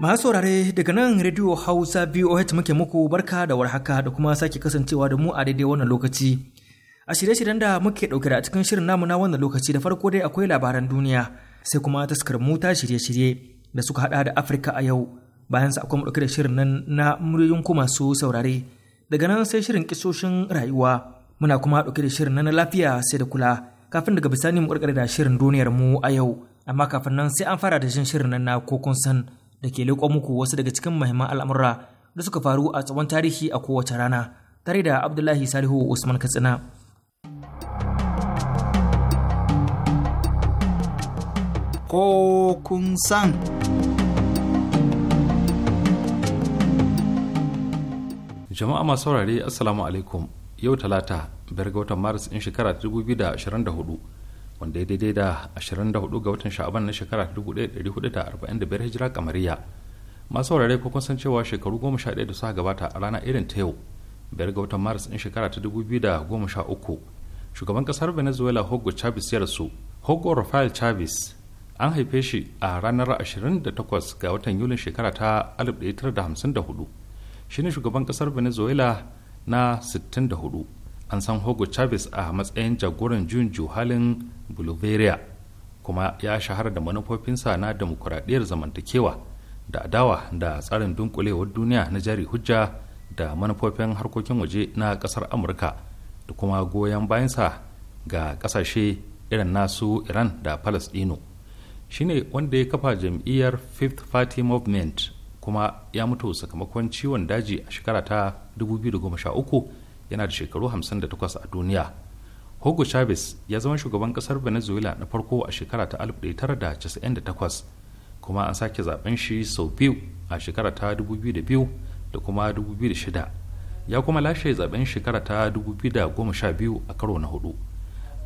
Masu saurare daga nan Radio Hausa VOH muke muku barka da warhaka da kuma sake kasancewa da mu a daidai wannan lokaci. A shirye-shiryen da muke ɗauke da cikin shirin namu na wannan lokaci da farko dai akwai labaran duniya sai kuma taskar muta shirye-shirye da suka hada da Afirka a yau. Bayan sa akwai ɗauke da shirin nan na muryoyin ku masu saurare. Daga nan sai shirin kisoshin rayuwa. Muna kuma ɗauke da shirin nan na lafiya sai da kula. Kafin daga bisani mu ƙarƙare da shirin duniyar mu a yau. Amma kafin nan sai an fara da jin shirin nan na kokon san. da ke leƙo muku wasu daga cikin mahimman al'amura da suka faru a tsawon tarihi a kowace rana tare da Abdullahi Salihu Usman Katsina. Ko kun san. Jama'a masu saurare Assalamu alaikum yau talata biyar ga watan Maris in shekara 2024 wanda ya daidai da 24 ga watan sha'aban na shekara 1445 hijira kamariya masu wurare ko kun san cewa shekaru 11 da suka gabata a rana irin ta yau biyar ga watan maris din shekara ta 2013 shugaban kasar venezuela hugo chavez ya rasu hugo rafael chavez an haife shi a ranar 28 ga watan yulin shekara ta 1954 ne shugaban kasar venezuela na 64 an san hugo chavez a matsayin jagoran juyin halin Bolivaria kuma ya shahara da manufofinsa na demokuraɗiyar zamantakewa da adawa da tsarin dunkulewar duniya na jari hujja da manufofin harkokin waje na ƙasar amurka da kuma goyon bayansa ga ƙasashe irin nasu iran da palestino ne wanda ya kafa jam'iyyar fifth party movement kuma ya mutu sakamakon ciwon daji a shekara ta 2013 yana da shekaru 58 a duniya hugo chavez ya zama shugaban kasar venezuela na farko a shekara ta 1998 kuma an sake zaben shi sau biyu a shekara ta 2002 da kuma 2006 ya kuma lashe zaben shekara ta 2012 a karo na hudu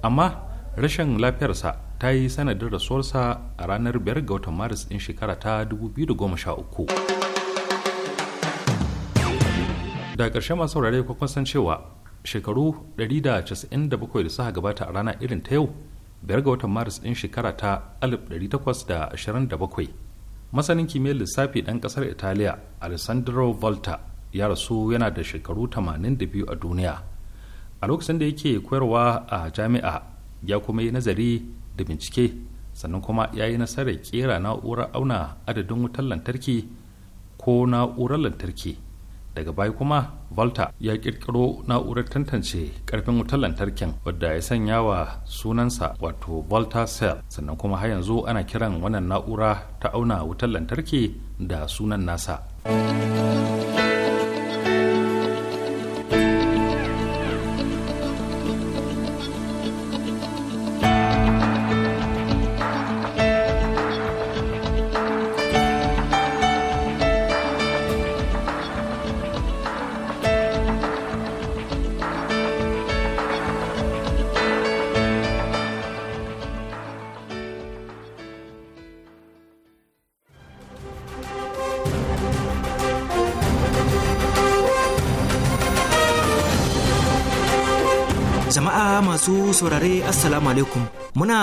amma rashin lafiyarsa ta yi sanadin rasuwarsa a ranar 5 ga watan maris din shekara ta 2013 da ƙarshe masu saurare ko kun san cewa shekaru 197 da suka gabata a rana irin ta yau biyar ga watan maris ɗin shekara ta 1827 masanin kimiyyar lissafi ɗan ƙasar italiya alessandro volta ya rasu yana da shekaru 82 a duniya a lokacin da yake koyarwa a jami'a ya kuma yi nazari da bincike sannan kuma ya yi nasarar kera na'urar auna adadin wutar lantarki ko na'urar lantarki daga baya kuma volta ya kirkiro na'urar tantance karfin wutar lantarkin wadda ya sanya wa sunansa wato volta cell sannan kuma har yanzu ana kiran wannan na'ura ta auna wutar lantarki da sunan nasa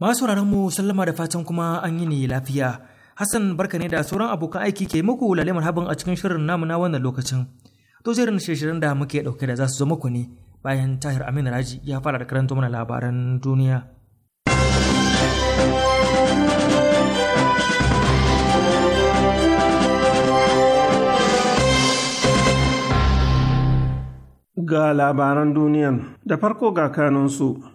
Masu mu sallama da fatan kuma an yi ni lafiya. Hassan barka ne da sauran abokan aiki ke muku lalle marhaban a cikin shirin namu na wannan lokacin. To jerin shirin da muke dauke da za su zo muku ne bayan Tahir Amin Raji ya fara da karanta mana labaran duniya. Ga labaran duniyan da farko ga kanunsu.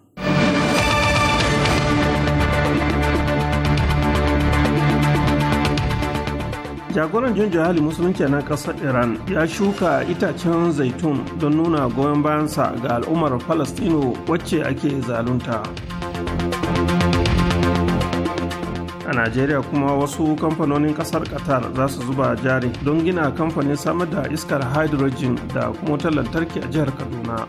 jagoran jin jihali musulunci na ƙasar iran ya shuka itacen zaitun don nuna goyon bayansa ga al'ummar falastino wacce ake zalunta a najeriya kuma wasu kamfanonin kasar qatar za su zuba jari don gina kamfanin samar da iskar hydrogen da kuma wutar lantarki a jihar kaduna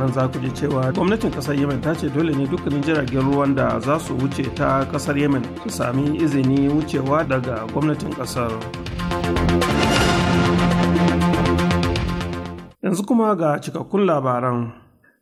nan za ku ji cewa gwamnatin kasar yemen ta ce dole ne dukkanin jiragen ruwan da za su wuce ta kasar yemen su sami izini wucewa daga gwamnatin kasar yanzu kuma ga cikakkun labaran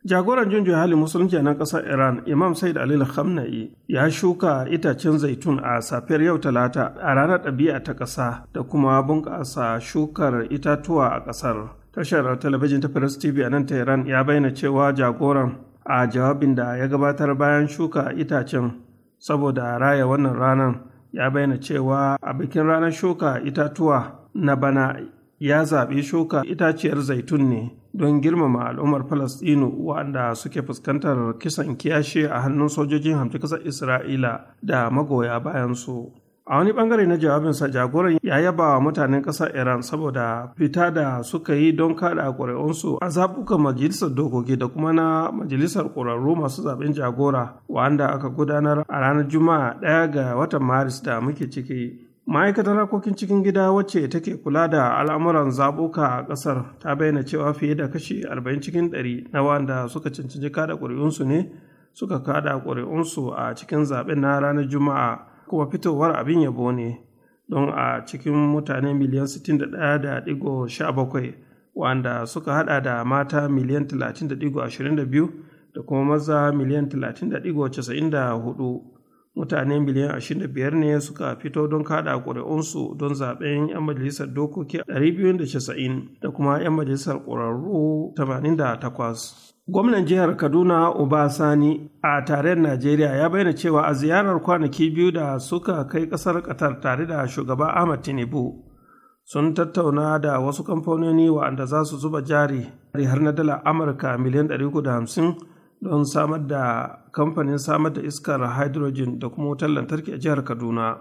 jagoran jinjin hali musulunci na kasar iran imam said alil khamnai ya shuka itacen zaitun a safiyar yau talata a ranar ɗabi'a ta ƙasa da kuma bunƙasa shukar itatuwa a ƙasar tashar talabijin ta press tv a nan tehran ya bayyana cewa jagoran a jawabin da ya gabatar bayan shuka itacen saboda raya wannan ranar ya bayyana cewa a bikin ranar shuka itatuwa na bana ya zaɓi shuka itaciyar zaitun ne don girmama al'ummar Falasɗinu waɗanda suke fuskantar kisan kiyashe a hannun sojojin hamtu ƙasar Isra'ila da magoya bayansu. a wani bangare na jawabinsa jagoran ya yaba wa mutanen ƙasar iran saboda fita da suka yi don kada ƙuri'unsu a zaɓukan majalisar dokoki da kuma na majalisar ƙwararru masu zaɓen jagora wanda aka gudanar a ranar juma'a ɗaya ga watan maris da muke ciki ma'aikatar harkokin cikin gida wacce take kula da al'amuran zabuka a ƙasar ta bayyana cewa fiye da kashi 40 cikin 100 na wanda suka cancanci kada ƙuri'unsu ne suka kada ƙuri'unsu a cikin zaɓen na ranar juma'a kuma fitowar abin yabo ne don a cikin mutane miliyan 61.17 wanda suka hada da mata miliyan 30.22 da kuma maza miliyan 30.94 mutane miliyan 25 ne suka fito don kada ƙuri'unsu don zaben 'yan majalisar dokoki 290 da kuma 'yan majalisar ƙurarru 88 Gwamnan jihar Kaduna sani a tarayyar Najeriya ya bayyana cewa a ziyarar kwanaki biyu da suka kai ƙasar Qatar tare da shugaba Ahmad Tinubu sun tattauna da wasu kamfanoni waɗanda za su zuba jari har na dala Amurka miliyan 150 don samar da kamfanin samar da iskar hydrogen da kuma wutar lantarki a jihar Kaduna.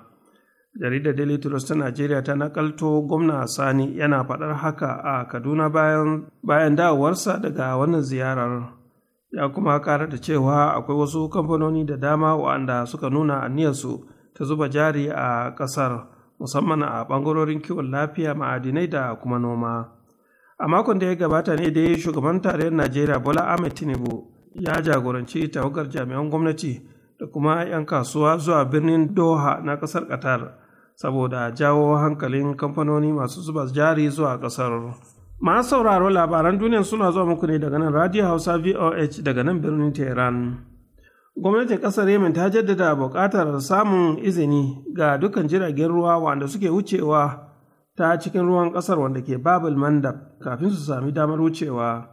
jaridar daily trust ta najeriya ta nakalto gwamna sani yana faɗar haka a kaduna bayan, bayan dawowarsa daga wannan ziyarar ya kuma ƙara da cewa akwai wasu kamfanoni da dama waɗanda suka nuna aniyarsu ta zuba jari a ƙasar musamman a ɓangarorin kiwon lafiya ma'adinai da kuma noma a makon da ya gabata ne dai shugaban tarayyar najeriya bola ahmed tinubu ya jagoranci tawagar jami'an gwamnati da kuma 'yan kasuwa zuwa birnin doha na ƙasar qatar saboda jawo hankalin kamfanoni masu zuba jari zuwa ƙasar. Masu sauraro labaran duniya suna zuwa muku ne daga nan Radio Hausa VOH daga nan birnin Tehran. Gwamnatin ƙasar Yemen ta jaddada buƙatar samun izini ga dukkan jiragen ruwa wanda suke wucewa ta cikin ruwan ƙasar wanda ke Babul Mandab kafin su sami damar wucewa.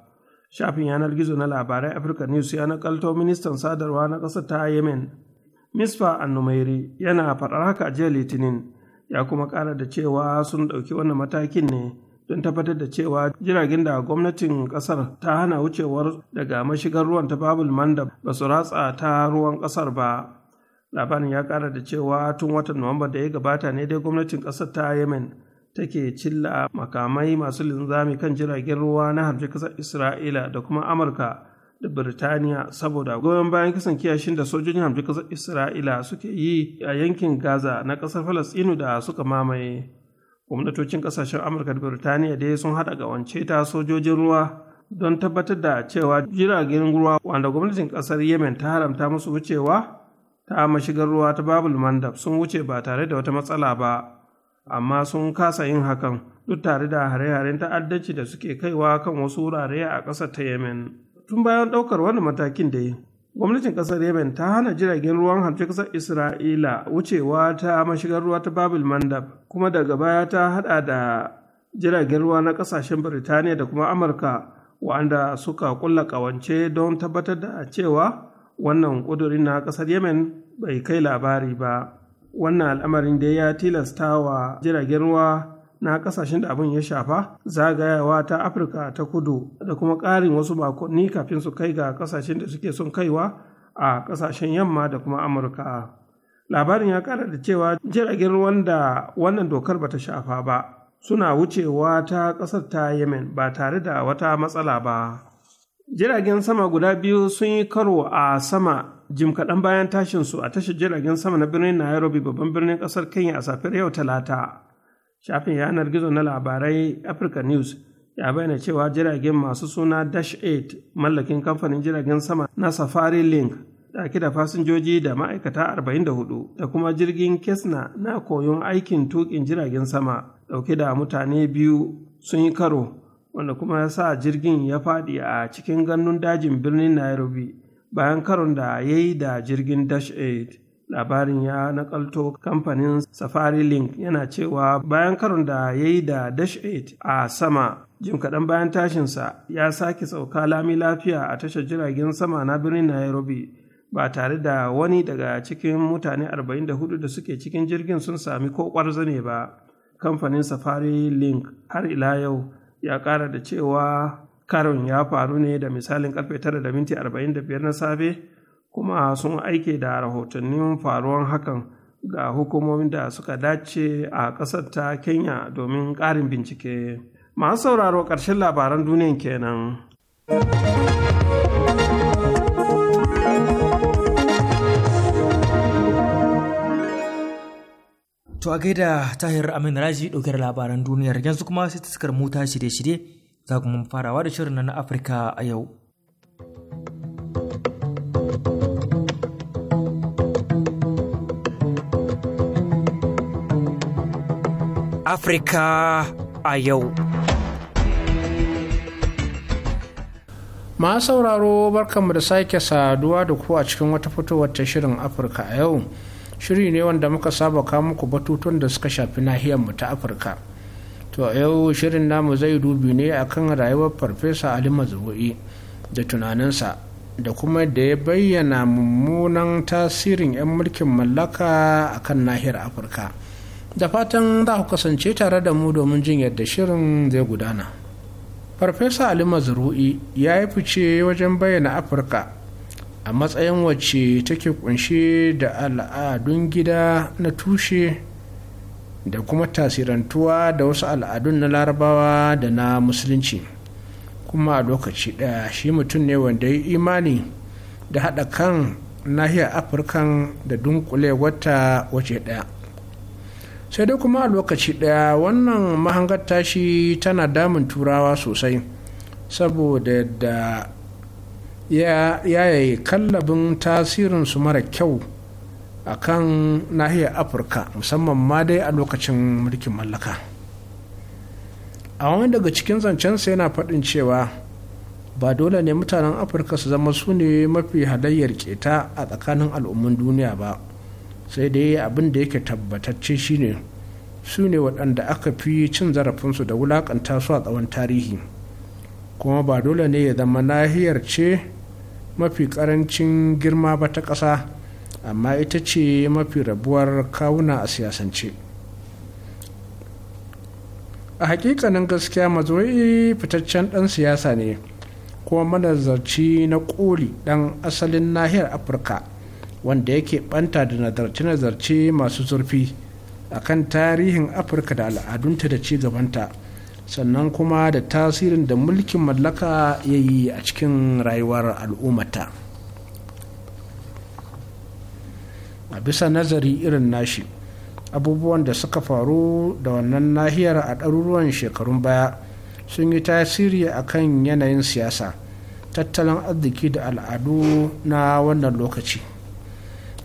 Shafin yanar gizo na labarai Africa News ya nakalto ministan sadarwa na ƙasar ta Yemen Misfa Annumairi yana faɗar haka jiya Litinin ya kuma ƙara da cewa sun ɗauki wannan matakin ne don tabbatar da cewa jiragen da gwamnatin ƙasar ta hana wucewar daga mashigar ruwan ta babul manda ba su ratsa ta ruwan ƙasar ba labarin ya ƙara da cewa tun watan nuwamba da ya gabata ne dai gwamnatin ƙasar ta yemen take cilla makamai masu linzami kan jiragen ruwa na harbi ƙasar isra'ila da kuma amurka da birtaniya saboda goyon bayan kisan kiyashin da sojojin hamji kasar isra'ila suke yi a yankin gaza na ƙasar falastinu da suka mamaye gwamnatocin ƙasashen amurka da birtaniya dai sun haɗa wance ta sojojin ruwa don tabbatar da cewa jiragen ruwa wanda gwamnatin ƙasar yemen ta haramta musu wucewa ta mashigar ruwa ta babul mandab sun wuce ba tare da wata matsala ba amma sun kasa yin hakan duk tare da hare-haren ta'addanci da suke kaiwa kan wasu wurare a ƙasar ta yemen tun bayan ɗaukar wani matakin da yi. gwamnatin ƙasar yemen ta hana jiragen ruwan hamshe ƙasar isra'ila wucewa ta mashigar ruwa ta babil mandab kuma daga baya ta hada da jiragen ruwa na ƙasashen birtaniya da kuma amurka wanda suka kulla ƙawance don tabbatar da cewa wannan ƙudurin na ƙasar yemen bai kai labari ba wannan al'amarin da ya tilasta wa jiragen ruwa na kasashen da abin ya shafa zagayawa ta afirka ta kudu da kuma ƙarin wasu bakonni kafin su kai ga kasashen da suke son kaiwa a kasashen yamma da kuma amurka labarin ya ƙara da cewa jiragen ruwan da wannan dokar bata shafa ba suna wucewa ta ƙasar ta yemen ba tare da wata matsala ba jiragen sama guda biyu sun yi karo a sama jim kaɗan bayan su, a tashar jiragen sama na birnin nairobi babban birnin ƙasar kenya a safiyar yau talata shafin yanar gizo na labarai africa news ya bayyana cewa jiragen masu suna dash 8 mallakin kamfanin jiragen sama na safari link ake da fasinjoji da ma'aikata 44 da kuma jirgin kesna na koyon aikin tukin jiragen sama ɗauke da mutane biyu sun yi karo wanda kuma ya sa jirgin ya faɗi a cikin gannun dajin birnin nairobi bayan karon da ya yi da jirgin dash 8 labarin ya nakalto kamfanin safari link yana cewa bayan karon da ya yi da dash 8 a sama jim kaɗan bayan tashinsa ya sake sauka lami lafiya a tashar jiragen sama na birnin nairobi ba tare da wani daga cikin mutane 44 da suke cikin jirgin sun sami ko zane ba kamfanin safari link har ila yau ya ƙara da cewa karon ya faru ne da misalin karfe 9:45 da minti biyar na safe kuma sun aike da rahotannin faruwan hakan ga hukumomin da suka dace a ƙasar ta kenya domin ƙarin bincike masu sauraro ƙarshen labaran duniyan kenan. To a gaida Tahir Amin Raji ɗaukar labaran duniyar yanzu kuma sai taskar mota shirye-shirye za kuma farawa da shirin na Afirka a yau. Afrika a yau. Masu sauraro barkanmu da sake saduwa da ku a cikin wata fitowar ta shirin Afirka a yau. Shiri ne wanda muka saba kawo muku batutun da suka shafi nahiyarmu ta Afirka. To a yau shirin namu zai dubi ne akan rayuwar Farfesa Ali Mazubu'i da tunaninsa da kuma da ya bayyana mummunan tasirin 'yan mulkin mallaka akan nahiyar Afirka. da fatan za ku kasance tare da mu domin jin yadda shirin zai gudana farfesa ali mazru'i ya yi fice wajen bayyana afirka a matsayin wacce take kunshe da al'adun gida na tushe da kuma tasirantuwa da wasu al'adun na larabawa da na musulunci kuma a lokaci ɗaya shi mutum ne wanda ya imani da haɗa kan nahiyar afirkan da dunkule wata wace ɗaya sai dai kuma a lokaci ɗaya wannan mahangar tashi tana damun turawa sosai saboda da ya yi kallabin tasirinsu mara kyau a kan nahiyar afirka musamman ma dai a lokacin mulkin mallaka a wani daga cikin zancensa yana faɗin cewa ba dole ne mutanen afirka su zama su ne mafi halayyar keta a tsakanin al'umman duniya ba sai dai abin da yake tabbatacce shine su ne waɗanda aka fi cin zarafinsu da wulaƙanta su a tsawon tarihi kuma ba dole ne ya zama nahiyar ce mafi ƙarancin girma ba ta ƙasa amma ita ce mafi rabuwar kawuna a siyasance a hakikanin gaskiya mazoyi fitaccen ɗan siyasa ne kuma manazarci na ƙoli ɗan asalin nahiyar afirka wanda yake banta da nazarce-nazarce masu zurfi a kan tarihin afirka da al'adunta da ci gabanta sannan kuma da tasirin da mulkin mallaka ya yi a cikin rayuwar al'ummata a bisa nazari irin nashi abubuwan da suka faru da wannan nahiyar a ɗaruruwan shekarun baya sun yi tasiri a kan yanayin siyasa tattalin arziki da al'adu na wannan lokaci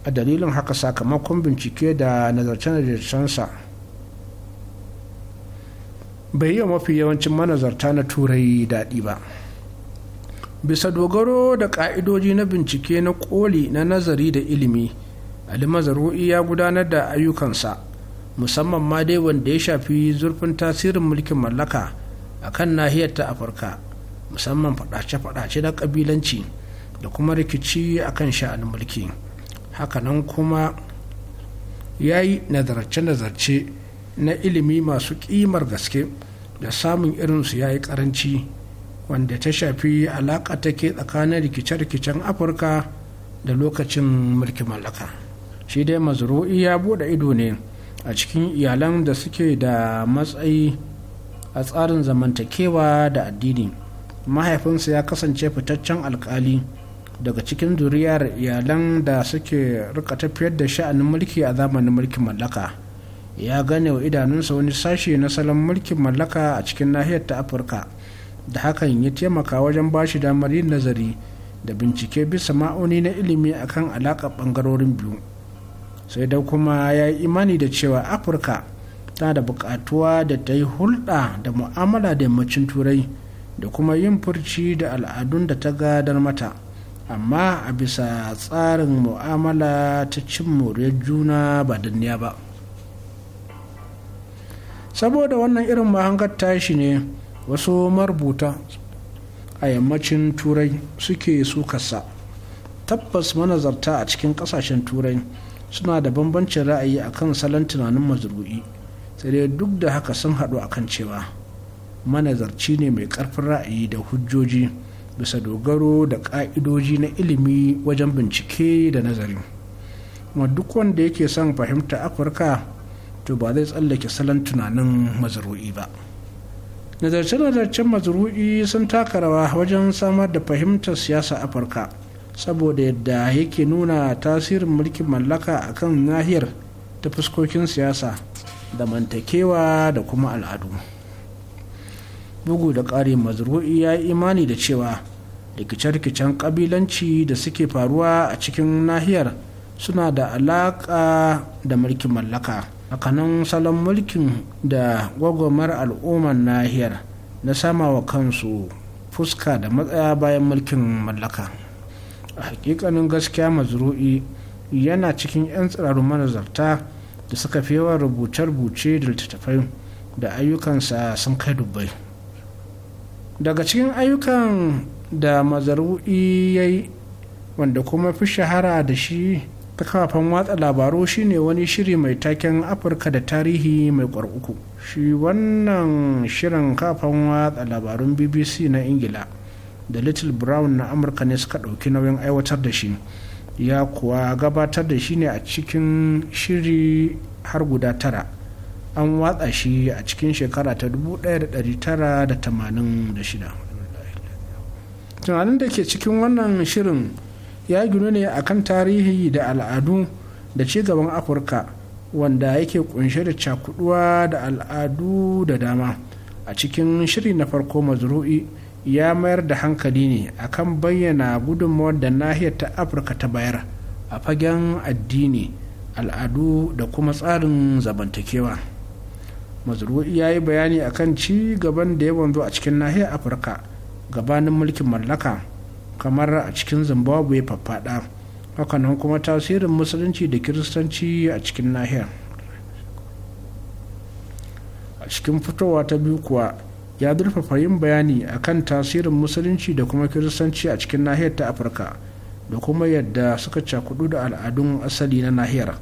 a dalilin haka sakamakon bincike da nazarce-nazarcensa bai yi mafi yawancin manazarta na turai daɗi ba bisa dogaro da ƙa'idoji na bincike na ƙoli na nazari da ilimi ali mazarui ya gudanar da ayyukansa musamman ma dai wanda ya shafi zurfin tasirin mulkin mallaka akan kan nahiyar ta afirka musamman faɗace-faɗace na ƙabilanci da kuma rikici akan kan sha'anin mulki. hakanan kuma ya yi nazarce-nazarce na ilimi masu ƙimar gaske da samun irinsu ya yi ƙaranci wanda ta shafi alaƙa take tsakanin rikice-rikicen afirka da lokacin mulkin mallaka shi dai mazuru'i ya buɗe ido ne a cikin iyalan da suke da matsayi a tsarin zamantakewa da addini mahaifinsa ya kasance fitaccen alkali daga cikin zuriyar iyalan da suke rika tafiyar da sha'anin mulki a zamanin mulkin mallaka ya gane wa idanunsa wani sashe na salon mulkin mallaka a cikin nahiyar ta afirka da hakan ya taimaka wajen ba shi damar yin nazari da bincike bisa ma'auni na ilimi akan alaƙar ɓangarorin biyu sai dai kuma ya yi imani da cewa afirka tana da buƙatuwa da ta yi hulɗa da mu'amala da yammacin turai da kuma yin furci da al'adun da ta gadar mata. amma a bisa tsarin mu'amala ta cin moriyar juna ba danniya ba saboda wannan irin mahangar tashi ne wasu marubuta a yammacin turai suke sukarsa tabbas manazarta a cikin kasashen turai suna da bambancin ra'ayi akan salon tunanin mazru'i sai dai duk da haka sun haɗu akan cewa manazarci ne mai ƙarfin ra'ayi da hujjoji bisa dogaro da ƙa'idoji na ilimi wajen bincike da nazari kuma duk wanda yake son fahimta afirka to ba zai tsallake salon tunanin mazuru'i ba nazarce-nazarcen mazuru'i sun taka rawa wajen samar da fahimtar siyasa afirka saboda yadda yake nuna tasirin mulkin mallaka akan nahiyar ta fuskokin siyasa da mantakewa da kuma al'adu bugu da ƙari mazru'i ya yi imani da cewa rikice-rikicen kabilanci da suke faruwa a cikin nahiyar suna da alaƙa da mulkin mallaka hakanan salon mulkin da gwagwamar al'ummar nahiyar na sama wa kansu fuska da matsaya bayan mulkin mallaka a hakikanin gaskiya mazuru'i yana cikin 'yan tsirarun manazarta da suka fi yawan rubuce-rubuce da littattafai da ayyukansa sun kai dubbai daga cikin ayyukan da mazarui ya yi wanda kuma fi shahara da shi ta kafan watsa labaru shine wani shiri mai taken afirka da tarihi mai uku shi wannan shirin kafan watsa labarun bbc na ingila da little brown na amurka ne suka ɗauki nauyin aiwatar da shi ya kuwa gabatar da shi ne a cikin shiri har guda tara an watsa shi a cikin shekara ta 1986 tunanin da ke cikin wannan shirin ya ginu ne akan tarihi da al'adu da ci gaban afirka wanda yake kunshe da cakuduwa da al'adu da dama a cikin shiri na farko mazuru'i ya mayar da hankali ne akan bayyana gudunmawar da nahiyar ta afirka ta bayar a fagen addini al'adu da kuma tsarin zamantakewa mazru'i ya yi bayani akan ci gaban da ya wanzu a cikin nahiyar afirka gabanin mulkin mallaka kamar a cikin zimbabwe faffaɗa hakanan kuma tasirin musulunci da kiristanci a cikin nahiyar a cikin fitowa ta biyu kuwa ya zurfafa yin bayani akan tasirin musulunci da kuma kiristanci a cikin nahiyar ta afirka da kuma yadda suka cakudu da al'adun asali na nahiyar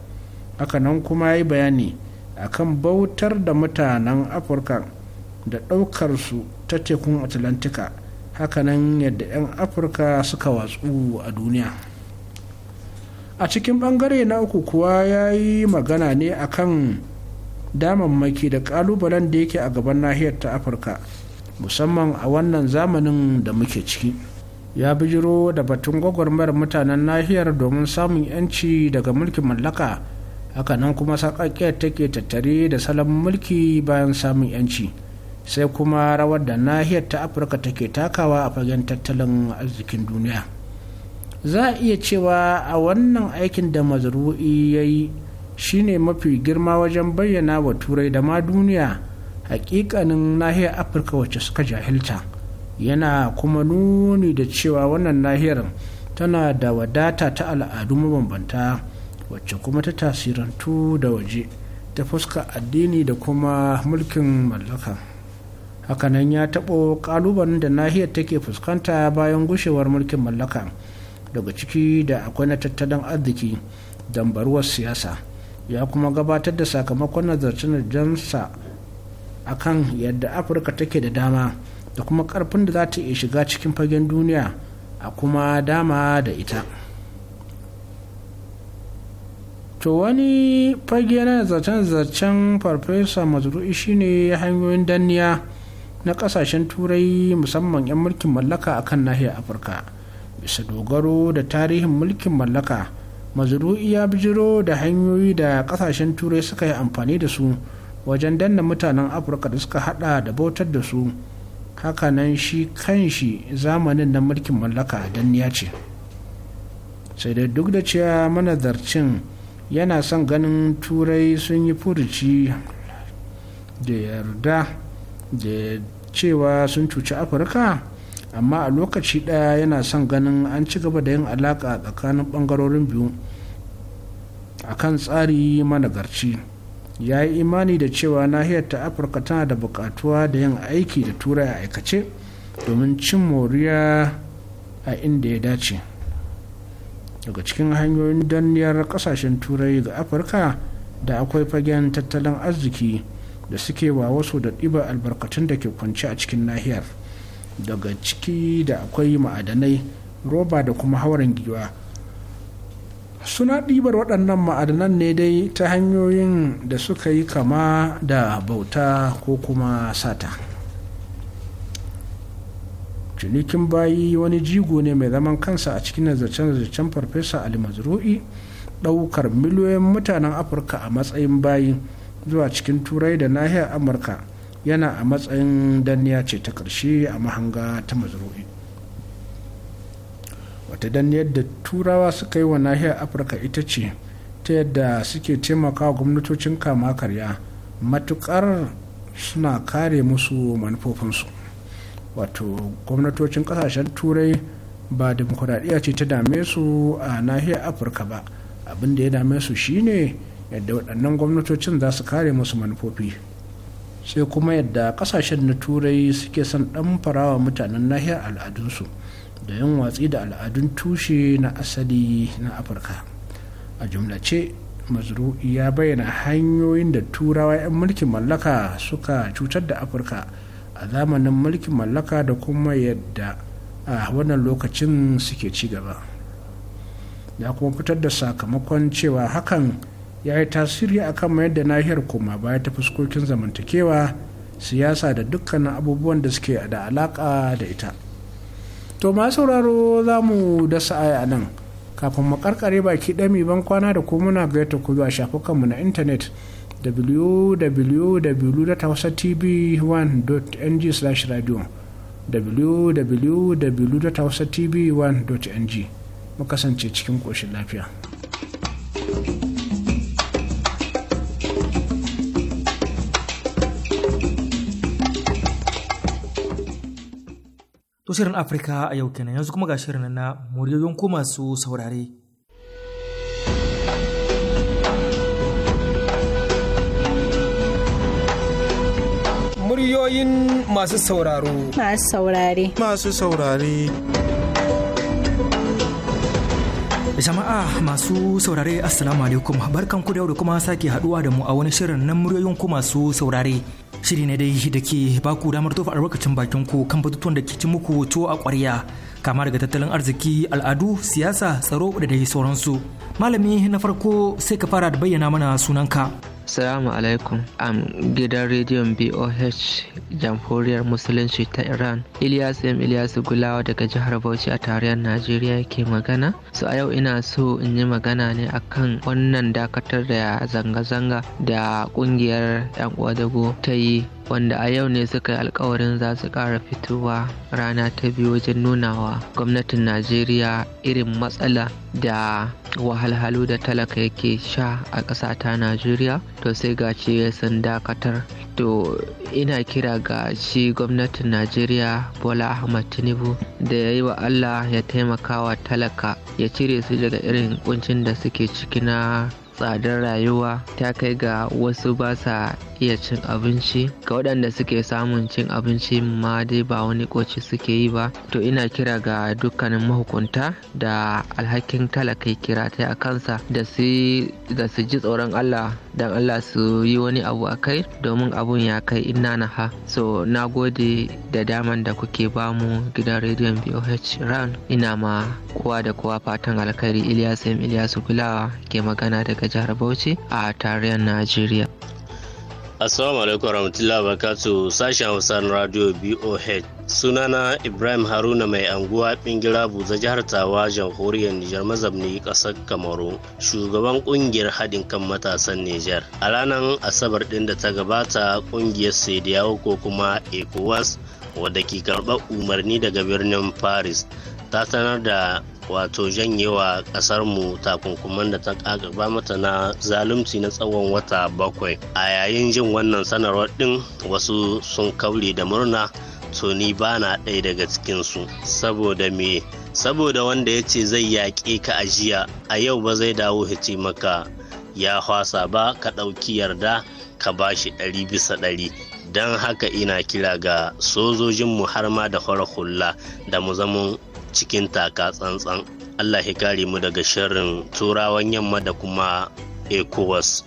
hakanan kuma ya yi bayani akan bautar da mutanen afirka da ɗaukarsu ta tekun atlantika hakanan yadda 'yan afirka suka watsu a duniya a cikin bangare na uku kuwa ya yi magana ne akan damammaki da kalubalen da yake a gaban nahiyar ta afirka musamman a wannan zamanin da muke ciki ya bijiro da batun gwagwarmar mutanen nahiyar domin samun 'yanci daga mulkin mallaka hakanan kuma sakakkiyar take tattare da salon mulki bayan samun 'yanci. sai kuma rawar da nahiyar ta afirka take takawa a fagen tattalin arzikin duniya za a iya cewa a wannan aikin da mazaru'i ya yi shine mafi girma wajen bayyana wa turai da ma duniya hakikanin nahiyar afirka wacce suka jahilta yana kuma nuni da cewa wannan nahiyar tana da wadata ta al'adu mabambanta wacce kuma ta tasirantu da waje ta fuska addini da kuma mulkin mallaka. hakanan ya taɓo ƙalubalen da nahiyar take fuskanta bayan gushewar mulkin mallaka daga ciki da akwai na tattalin arziki dambaruwar siyasa ya kuma gabatar da sakamakon nazarcin nazarcensa a kan yadda afirka take da dama da kuma karfin da za ta iya shiga cikin fagen duniya a kuma dama da ita to wani fage na zaton-zaton farfesa shi shine hanyoyin danniya na kasashen turai musamman 'yan mulkin mallaka a kan nahiyar afirka bisa dogaro da tarihin mulkin mallaka mazuru'i ya bijiro da hanyoyi da kasashen turai suka yi amfani da su wajen danna mutanen afirka da suka hada da bautar da su hakanan shi kanshi zamanin na mulkin mallaka danniya ce sai da duk da cewa manazarcin yana son ganin turai sun yi furuci da yarda da cewa sun cuci afirka amma a lokaci ɗaya yana son ganin an ci gaba da yin alaƙa tsakanin ɓangarorin biyu a kan tsari managarci ya yi imani da cewa nahiyar ta afirka tana da buƙatuwa da yin aiki da turai a aikace domin cin moriya a inda ya dace daga cikin hanyoyin danniyar kasashen turai ga afirka da akwai fagen tattalin arziki da suke wa wasu da ɗiba albarkatun da ke kwance a cikin nahiyar daga ciki da akwai ma'adanai roba da kuma hauren giwa suna ɗibar waɗannan ma'adanan ne dai ta hanyoyin da suka yi kama da bauta ko kuma sata cinikin bayi wani jigo ne mai zaman kansa a cikin nazarce-nazarcen farfesa ali mazrui ɗaukar miliyoyin mutanen afirka a matsayin bayi zuwa cikin turai da nahiyar amurka yana a matsayin danniya ce ta ƙarshe a mahanga ta mazuru'i wata danniyar da turawa suka yi wa nahiyar afirka ita ce ta yadda suke taimakawa gwamnatocin kama karya matukar suna kare musu manufofinsu wato gwamnatocin kasashen turai ba demokuraɗiyya ce ta dame su a nahiyar afirka ba abin da ya dame su shine yadda waɗannan gwamnatocin za su kare musu manufofi sai kuma yadda ƙasashen na turai suke son ɗan farawa mutanen nahiyar al'adunsu da yin watsi da al'adun tushe na asali na afirka a jumlace mazuru'i ya bayyana hanyoyin da turawa 'yan mulkin mallaka suka cutar da afirka a zamanin mulkin mallaka da kuma yadda a wannan lokacin suke ci gaba ya kuma fitar da sakamakon cewa hakan ya yi tasiri akan mayar da nahiyar koma baya ta fuskokin zamantakewa siyasa da dukkanin abubuwan da suke da alaƙa da ita to ma sauraro za mu da sa'aya a nan kafin mu karkare baki mai ban kwana da kuma muna gayyata kudu a shafukanmu na intanet wwwtv 1ng radio wwwtv 1ng mu kasance cikin ƙoshin lafiya. To shirin Afirka a yau kenan yanzu kuma ga shirin na muryoyin ku masu saurare. Muryoyin masu sauraro. Masu saurare. Masu saurare. jama'a masu saurare assalamu alaikum barkan ku da kuma sake haduwa da mu a wani shirin na muryoyin ku masu saurare Shiri ne dai da ke ba ku damar tofa albarkacin bakin ku kan batutuwan da ke cin muku tuwo a ƙwarya kama daga tattalin arziki, al'adu, siyasa, tsaro da dai sauransu. Malami na farko sai ka fara da bayyana mana sunanka. Salamu alaikum. Am gidan rediyon BOH Jamhuriyar Musulunci ta Iran. Ilyasu M. Ilyasu Gulawa daga jihar Bauchi a tarayyar Najeriya ke magana. So a yau ina so in yi magana ne akan wannan dakatar da zanga-zanga da kungiyar 'yan uwa ta yi wanda a yau ne suka yi alkawarin za su ƙara fitowa rana ta biyu wajen nunawa gwamnatin najeriya irin matsala da wahalhalu da talaka yake sha a ƙasa ta najeriya to sai ga ce sun dakatar to ina kira ga shi gwamnatin najeriya bola ahmad tinubu da ya yi wa allah ya taimaka wa talaka ya cire su daga irin kuncin da suke ciki na tsadar rayuwa ta kai ga wasu ba sa iya cin abinci ga waɗanda suke samun cin abinci ma dai ba wani ƙoci suke yi ba to ina kira ga dukkanin mahukunta da alhakin talakai kira ta a kansa da su ji tsoron Allah dan Allah su yi wani abu a kai domin abun ya kai ina na ha so na gode da daman da kuke bamu gidan rediyon BOH ran ina ma kowa da kowa fatan alkhairi iliyasu M Kulawa ke magana daga jihar Bauchi a tarayyar Najeriya. Assalamu alaikum warahmatullahi wabarakatuh sashen Hausa na Radio BOH. Sunana Ibrahim Haruna mai anguwa bingira buza jihar Tawa jamhuriyar Nijar mazabni kasar Kamaru, shugaban kungiyar haɗin kan matasan Nijar. A ranar Asabar ɗin da ta gabata ƙungiyar Sediyawo ko kuma ECOWAS wadda ke karɓar umarni daga birnin Paris ta sanar da wato janyewa ƙasarmu takunkuman da ta kagaba mata na zalunci na tsawon wata bakwai a yayin jin wannan sanarwar ɗin wasu sun kaure da murna to ni ba na ɗaya daga cikinsu saboda me saboda wanda ya ce zai yaƙe ka a jiya a yau ba zai dawo hice maka ya hwasa ba ka ɗauki yarda ka ba shi ɗari bisa ɗari don haka ina kira ga sojojinmu har ma da hula da mu zama cikin taka tsantsan allah ya kare mu daga shirin turawan yamma da kuma ecowas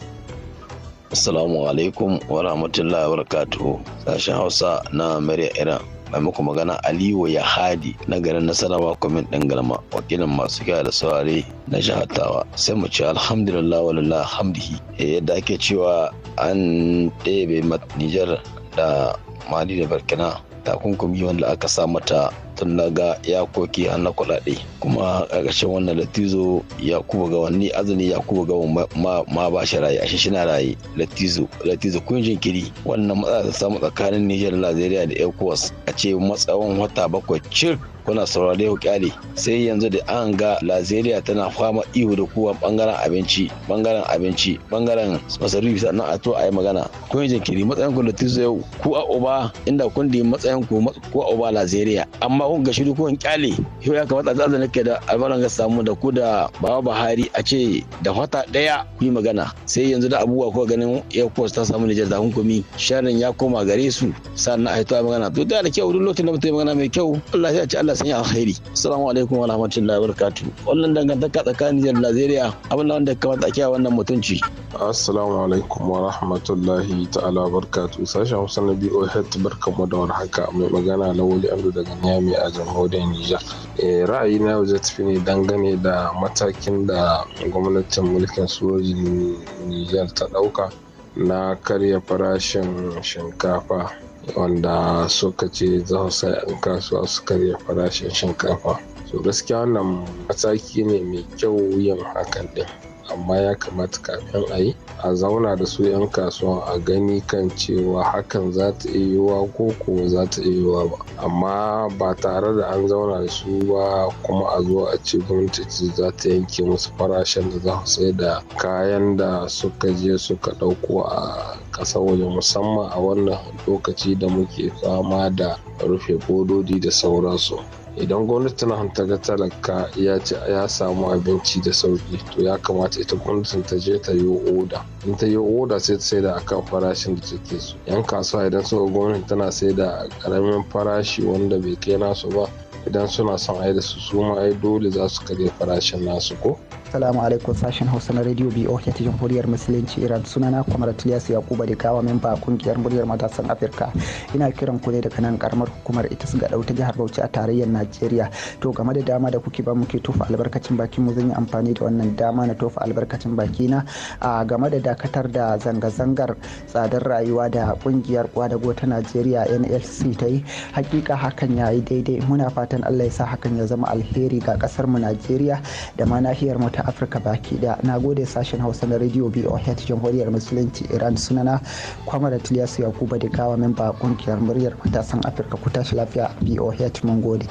assalamu alaikum wa rahmatullahi wa barakatuhu sashen hausa na murya iran mai muku magana aliyu ya hadi na garin nasarawa kwamin din galma wakilin masu kyau da saurare na shahatawa sai mu ce alhamdulillah walillah hamdihi eh, yadda ake cewa an ɗebe Niger, da mali da burkina takunkumi wanda aka sa mata tun ga yakoki har na kuɗaɗe kuma a ƙarƙashin wannan latizo yakubu gawanni azumi yakubu ga ma ba shi raye ashe shi raye latizo latizo kun jinkiri wannan matsala ta samu tsakanin nijar da najeriya da ecuador a ce matsawan wata bakwai cir kuna saurare ku kyale sai yanzu da an ga Lazeriya tana fama ihu da kowa bangaren abinci bangaren abinci bangaren masarufi sannan a to a yi magana kun yi jinkiri matsayin ku da tizo yau ku a uba inda kun da matsayin ku ku a uba Lazeriya amma kun ga shiru kun kyale yau ya kamata zaza nake da albaran ga samu da ku da Baba Buhari a ce da fata daya ku yi magana sai yanzu da abubuwa ko ganin Air ko ta samu Nijar da hukumi sharin ya koma gare su sannan a yi to magana to da kyau duk lokacin da mutum magana mai kyau Allah ya ci Allah fatan alheri assalamu alaikum wa rahmatullahi wa barakatu wannan dangantaka tsakanin Nijar Nigeria Najeriya abin da wanda a wannan mutunci assalamu alaikum wa rahmatullahi ta'ala wa barakatu sashen Hausa na BOH barkamu da haka mai magana na Lawali Abdu daga Niamey a jamhuriyar Nijar eh, ra'ayi na yau tafi ne dangane da matakin da gwamnatin mulkin sojin Nijar ta ɗauka na karya farashin shinkafa wanda suka ce za su sai an kasuwa su karya farashin shinkafa so gaskiya wannan mataki ne mai kyau yin hakan ɗin. amma ya kamata kafin a yi a zauna da su 'yan kasuwa a gani kan cewa hakan za ta iya yiwuwa ko ko za ta iya yiwuwa ba amma ba tare da an zauna da su ba kuma a zo a ce gwamnati za ta yanke musu farashin da za su sai da kayan da suka je suka ɗauko a ƙasa waje musamman a wannan lokaci da muke fama da rufe bododi da sauransu idan gwamnati na ta ga talaka ya ce ya samu abinci da sauki to ya kamata ita gwamnatin ta je ta yi oda in ta yi oda sai ta saida kan farashin da take so yan kasuwa idan suka gwamnati tana saida karamin farashi wanda bai kai nasu ba idan suna son ai da su su ma ai dole za su karya farashin nasu ko Assalamu alaikum sashen Hausa na Radio BOK ta Jamhuriyar Musulunci Iran sunana Kwamar Tiliyasu Yakuba da kawo memba kungiyar muryar matasan Afirka. Ina kiran ku ne daga nan karamar hukumar ita su ga ta jihar Bauchi a tarayyar Najeriya. To game da dama da kuke ba muke tofa albarkacin bakin mu zan yi amfani da wannan dama na tofa albarkacin baki na a game da dakatar da zanga-zangar tsadar rayuwa da kungiyar kwadago ta Najeriya NLC ta yi. Hakika hakan ya yi daidai muna fatan Allah ya sa hakan ya zama alheri ga kasar mu Najeriya da ma nahiyar mu ta ta afirka baki da na gode sashen hausa na radio boh jamhuriyar musulunci iran sunana kwamar tiliyasu yakuba da gawa memba kungiyar muryar matasan afirka ku tashi lafiya voh mun gode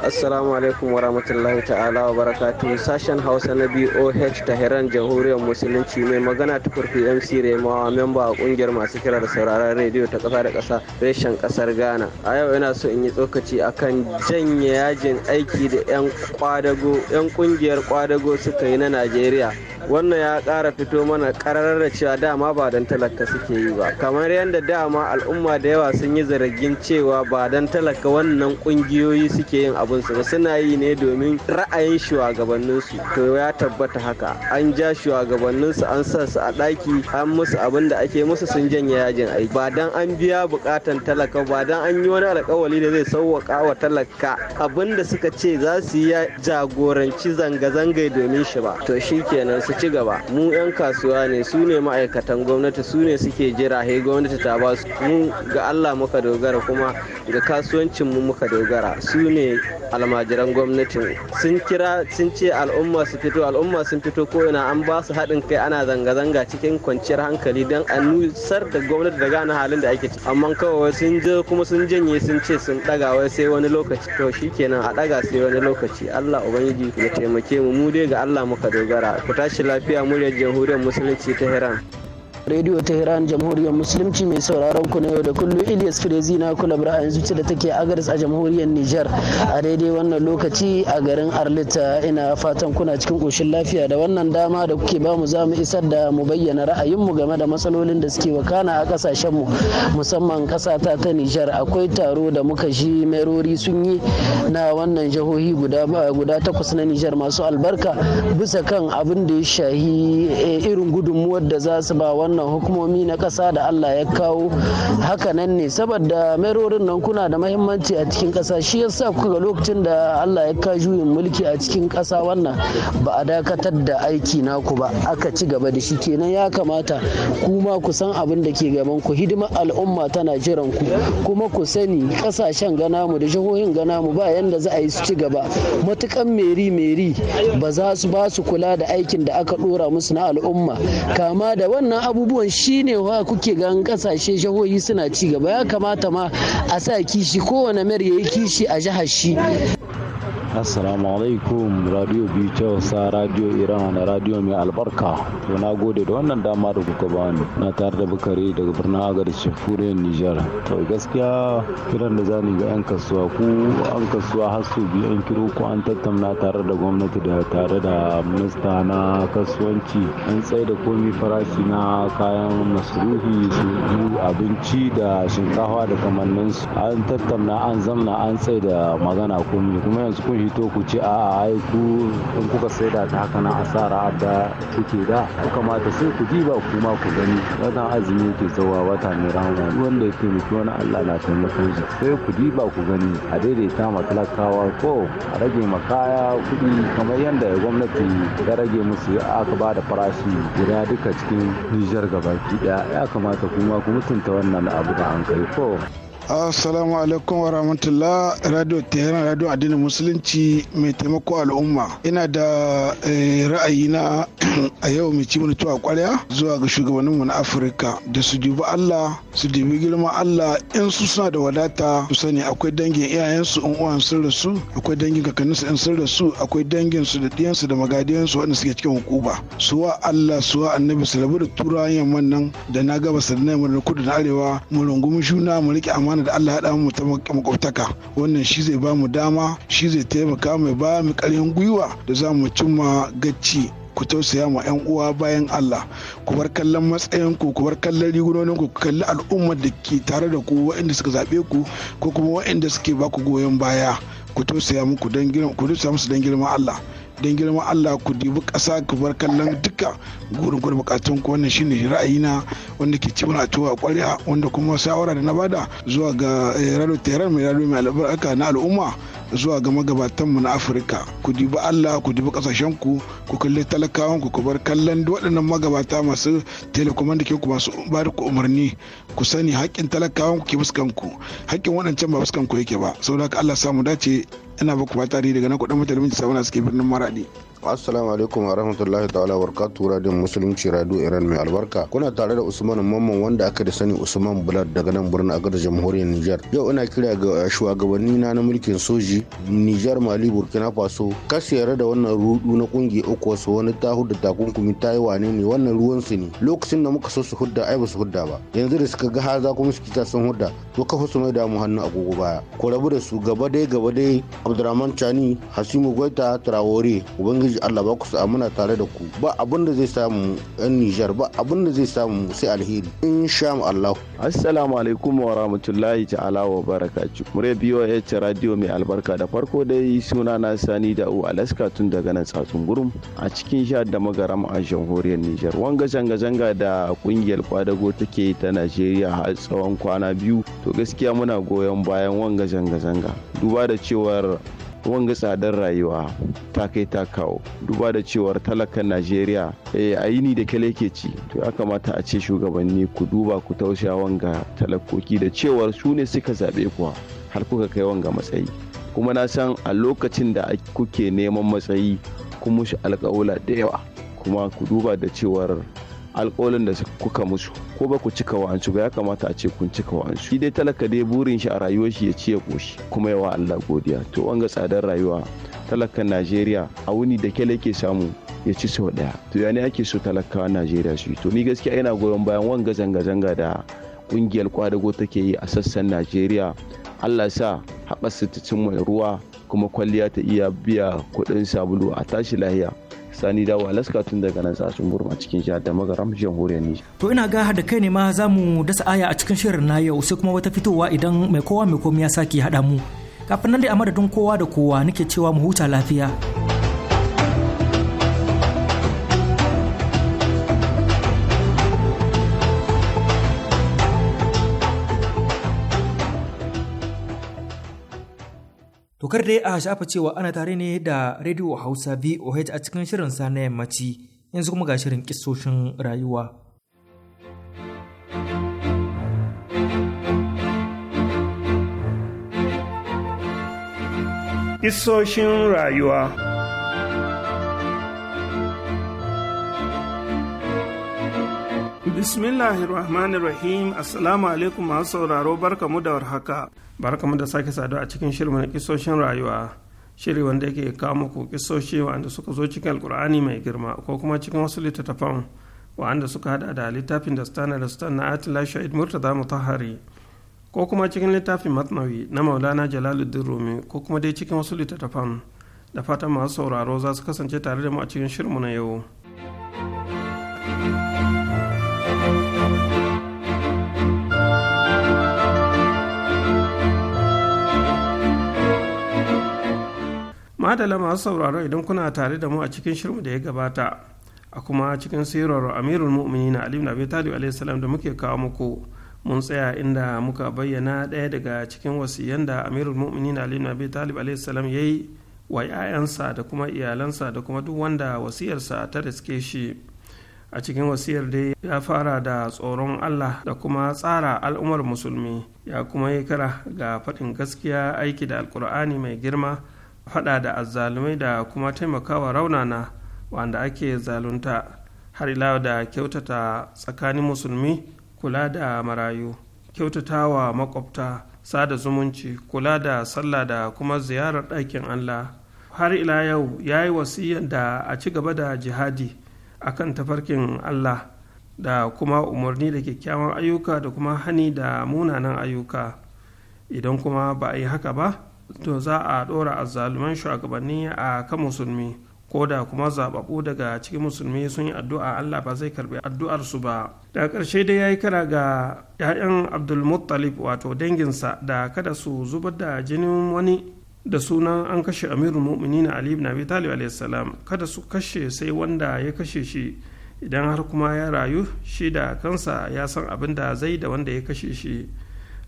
Assalamu alaikum warahmatullahi ta'ala wa barakatuhu sashen Hausa na BOH Tahiran Jamhuriyar Musulunci mai magana ta kurfi MC Remawa memba a kungiyar masu kira da sauraron rediyo ta kasa da kasa reshen kasar Ghana. A yau ina so in yi tsokaci akan janye yajin aiki da 'yan kwadago 'yan kungiyar kwadago suka yi na Najeriya. Wannan ya ƙara fito mana ƙararar da cewa dama ba don talaka suke yi ba. Kamar yadda dama al'umma da yawa sun yi zargin cewa ba don talaka wannan kungiyoyi suke yin su ba suna yi ne domin ra'ayin shugabanninsu to ya tabbata haka an ja shugabanninsu an sa su a ɗaki an musu abin da ake musu sun janye yajin aiki ba dan an biya bukatan talaka ba dan an yi wani alkawali da zai sauwaka wa talaka abin da suka ce za su yi jagoranci zanga-zangai domin shi ba to shi kenan su ci gaba mu 'yan kasuwa ne su ne ma'aikatan gwamnati su ne suke jira he gwamnati ta ba su mu ga Allah muka dogara kuma ga kasuwancin mu muka dogara su ne almajiran gwamnatin sun kira sun ce al'umma su fito al'umma sun fito ko ina an ba su haɗin kai ana zanga-zanga cikin kwanciyar hankali don a nusar da gwamnati da gane halin da ake ci. amma kawai sun je kuma sun janye sun ce sun ɗaga wai sai wani lokaci to shikenan a ɗaga sai wani lokaci Allah ubangiji ya taimake mu mu dai ga Allah muka dogara ku tashi lafiya muryar jamhuriyar musulunci ta hiran Radio Tehran Jamhuriyar Musulunci mai sauraron ku na yau da kullum Ilyas Firezi na kula ra'ayin zuci da take Agaris a Jamhuriyar Nijar a daidai wannan lokaci a garin Arlita ina fatan kuna cikin koshin lafiya da wannan dama da kuke bamu za mu isar da mu bayyana ra'ayinmu game da matsalolin da suke wakana a kasashen mu musamman kasata ta Nijar akwai taro da muka ji merori sun yi na wannan jihohi guda guda takwas na Nijar masu albarka bisa kan abin da ya shahi eh, irin gudunmuwar da za su ba wannan wannan hukumomi na ƙasa da Allah ya kawo haka nan ne saboda merorin nan kuna da mahimmanci a cikin ƙasa shi yasa kuka ga lokacin da Allah ya kawo juyin mulki a cikin ƙasa wannan ba a dakatar da aiki naku ba aka ci gaba da shi kenan ya kamata kuma ku san abin da ke gaban ku hidimar al'umma tana jiran ku kuma ku sani ƙasashen gana mu da jihohin gana mu ba yanda za a yi su ci gaba matukan meri meri ba za su ba su kula da aikin da aka dora musu na al'umma kama da wannan abu abubuwan shi ne wa kuke gan kasashe jihohi suna ci gaba ya kamata ma a sa kishi kowane mayar ya yi kishi a jihar shi assalamu alaikum radio biyu sa radio iran radio mai albarka to na gode da wannan dama da kuka bani na tare da bukari daga birnin agadis shafuriyar nijar to gaskiya kiran da zani ga yan kasuwa ku an kasuwa har su biyu an kiro ku an tattauna tare da gwamnati da tare da minista na kasuwanci an tsaye da komi farashi na kayan masruhi su abinci da shinkafa da kamanninsu an tattauna an zamna an tsaye da magana komi kuma yanzu kun fito ku ce a ai ku in kuka saida ta haka na asara da kuke da ya kamata sai ku diba ku ma ku gani wannan azumi ke zawa wata mai rahama wanda yake taimaki wani Allah na taimakon shi sai ku diba ku gani a daidaita ma talakawa ko a rage ma kaya kuɗi kamar yadda gwamnati ta rage musu aka ba da farashi guda duka cikin Nijar gabaki daya ya kamata kuma ku mutunta wannan abu da an kai ko. Assalamu alaikum wa rahmatullah Radio Tehran Radio Addinin Musulunci mai taimako al'umma. Ina da eh, ra'ayi na a yau mai ci tuwa kwarya zuwa ga shugabanninmu na Afirka da su dubi Allah, su dubi girma Allah in su suna da wadata su sani akwai dangin iyayensu in uwan sun rasu, akwai dangin kakannin su in sun rasu, akwai dangin su da diyansu da su wanda suke cikin su Suwa Allah, suwa Annabi su rabu da turawan yamman nan da na gaba da na da kudu da arewa mu rungumi juna mu riƙe amana amana da Allah ya da mu ta makwabtaka wannan shi zai ba mu dama shi zai taimaka mai ba mu ƙarfin gwiwa da za mu cimma gacci ku tausaya ma 'yan uwa bayan Allah ku bar kallon matsayin ku ku bar kallon rigunonin ku kalli al'ummar da ke tare da ku waɗanda suka zaɓe ku ko kuma waɗanda suke ba ku goyon baya ku tausaya muku don ku tausaya musu don girma Allah don girma Allah ku dibi ƙasa ku bar kallon duka gurin gurin bukatun ku wannan shine ra'ayina wanda ke ci mana tuwa kwarya wanda kuma shawara da na bada zuwa ga eh, radio tehran mai radio mai albarka na al'umma zuwa ga magabatanmu na afirka ku dibi allah ku dibi kasashenku ku kalli talakawan ku ku bar kallon waɗannan magabata masu telekoman da ke ku masu ba ku umarni ku sani haƙƙin talakawan ku ke fuskanku haƙƙin waɗancan ba fuskanku yake ba saboda haka allah samu dace ina baku ba tarihi daga nan kuɗin mutane sauna suke birnin maradi assalamu alaikum wa rahmatullahi ta'ala wa barakatuhu radio musulunci radio iran mai albarka kuna tare da usman mamman wanda aka da sani usman bulat daga nan birnin agar jamhuriyar niger yau ina kira ga shugabanni na na mulkin soji niger mali burkina faso kasu da wannan rudu na kungiyar uku wasu wani ta hudu takunkumi ta yi wane ne wannan ruwan su ne lokacin da muka so su hudda ai ba su hudda ba yanzu da suka ga haza kuma suke ta sun hudda to kafa su mai damu hannu agogo baya ku rabu da su gaba dai gaba dai abdurrahman chani hasimu goita traore ubangiji ubangiji Allah ba ku muna tare da ku ba abin da zai samu yan Nijar ba abin da zai samu sai alheri insha Allah assalamu alaikum wa rahmatullahi ta'ala wa barakatuh ya ce radio mai albarka da farko dai suna na Sani da U Alaska tun daga nan tsatsun gurum a cikin sha da magaram a jamhuriyar Nijar wanga zanga zanga da kungiyar kwadago take ta Najeriya har tsawon kwana biyu to gaskiya muna goyon bayan wanga zanga zanga duba da cewar wanga tsadar rayuwa ta kai ta kawo duba da cewar talakan najeriya eh, a yini da kyale ke ci to ya kamata a ce shugabanni ku duba ku tausha wanga talakoki da cewar su ne suka zaɓe kuwa har kuka kai wanga matsayi kuma na san a lokacin da kuke neman matsayi kuma shi alƙawula da yawa kuma ku duba da cewar alƙawalin da kuka musu ko ba ku cika wa'ansu ba ya kamata a ce kun cika wa'ansu shi dai talaka dai burin shi a rayuwar shi ya ci ya ƙoshi kuma yawa Allah godiya to wanga tsadar rayuwa talakan Najeriya a wuni da kyale ke samu ya ci sau ɗaya to ya ne ake so talakawa Najeriya su yi to ni gaskiya ina goyon bayan wanga zanga-zanga da ƙungiyar kwadago take yi a sassan Najeriya Allah sa haɓar su ta cimma ruwa kuma kwalliya ta iya biya kuɗin sabulu a tashi lahiya. sani dawo alaska tun daga nan sashen burma cikin jihar da magaram jamhuriyar ni. to ina ga da kai ne ma za mu dasa aya a cikin shirin na yau sai kuma wata fitowa idan mai kowa mai komi ya sake haɗa mu kafin nan dai a madadin kowa da kowa nake cewa mu huta lafiya. kar dai a shafa cewa ana tare ne da Radio Hausa VOH a cikin shirin sa na yammaci yanzu kuma ga shirin kisoshin rayuwa. Kisoshin rayuwa Bismillahirrahmanirrahim Assalamu alaikum masu sauraro barkamu da warhaka. barka mu da sake saduwa a cikin shirin na kisoshin rayuwa. Shiri wanda yake kawo muku kisoshi wanda suka zo cikin alkur'ani mai girma ko kuma cikin wasu littattafan wa'anda suka hada da littafin da stana da stana na atila shahid murtaza mutahari ko kuma cikin littafin matnawi na maulana jalaluddin rumi ko kuma dai cikin wasu littattafan da fatan masu sauraro za su kasance tare da mu a cikin shirinmu na yau. madala masu sauraro idan kuna tare da mu a cikin shirmu da ya gabata a kuma cikin sirar amirul mu'mini na alim abi talib salam da muke kawo muku mun tsaya inda muka bayyana ɗaya daga cikin wasiyan da amirul mu'minin na ibn abi talib alayhi salam yayi wa 'ya'yansa da kuma iyalansa da kuma duk wanda wasiyarsa ta riske shi a cikin wasiyar dai ya fara da tsoron Allah da kuma tsara al'ummar musulmi ya kuma yi kara ga faɗin gaskiya aiki da alkur'ani mai girma faɗa da azzalumai da kuma taimakawa raunana wanda ake zalunta har ila da kyautata tsakanin musulmi kula da marayu kyautatawa makwabta sada zumunci kula da sallah da kuma ziyarar ɗakin allah har ila yau ya yi wasiyyar da a ci gaba da jihadi akan tafarkin allah da kuma umarni da kyakkyawan ayyuka da kuma hani da munanan ayyuka idan kuma ba a yi haka ba to za a ɗora azzaluman shugabanni a kan musulmi ko da kuma zaɓaɓɓu daga cikin musulmi sun yi addu'a Allah ba zai karɓi su ba Da ƙarshe dai ya yi kara ga 'ya'yan abdulmuttalib wato danginsa da kada su zubar da jinin wani da sunan an kashe amirul mu'minin ali ibn abi talib kada su kashe sai wanda ya kashe shi idan har kuma ya rayu shi da kansa ya san abin da zai da wanda ya kashe shi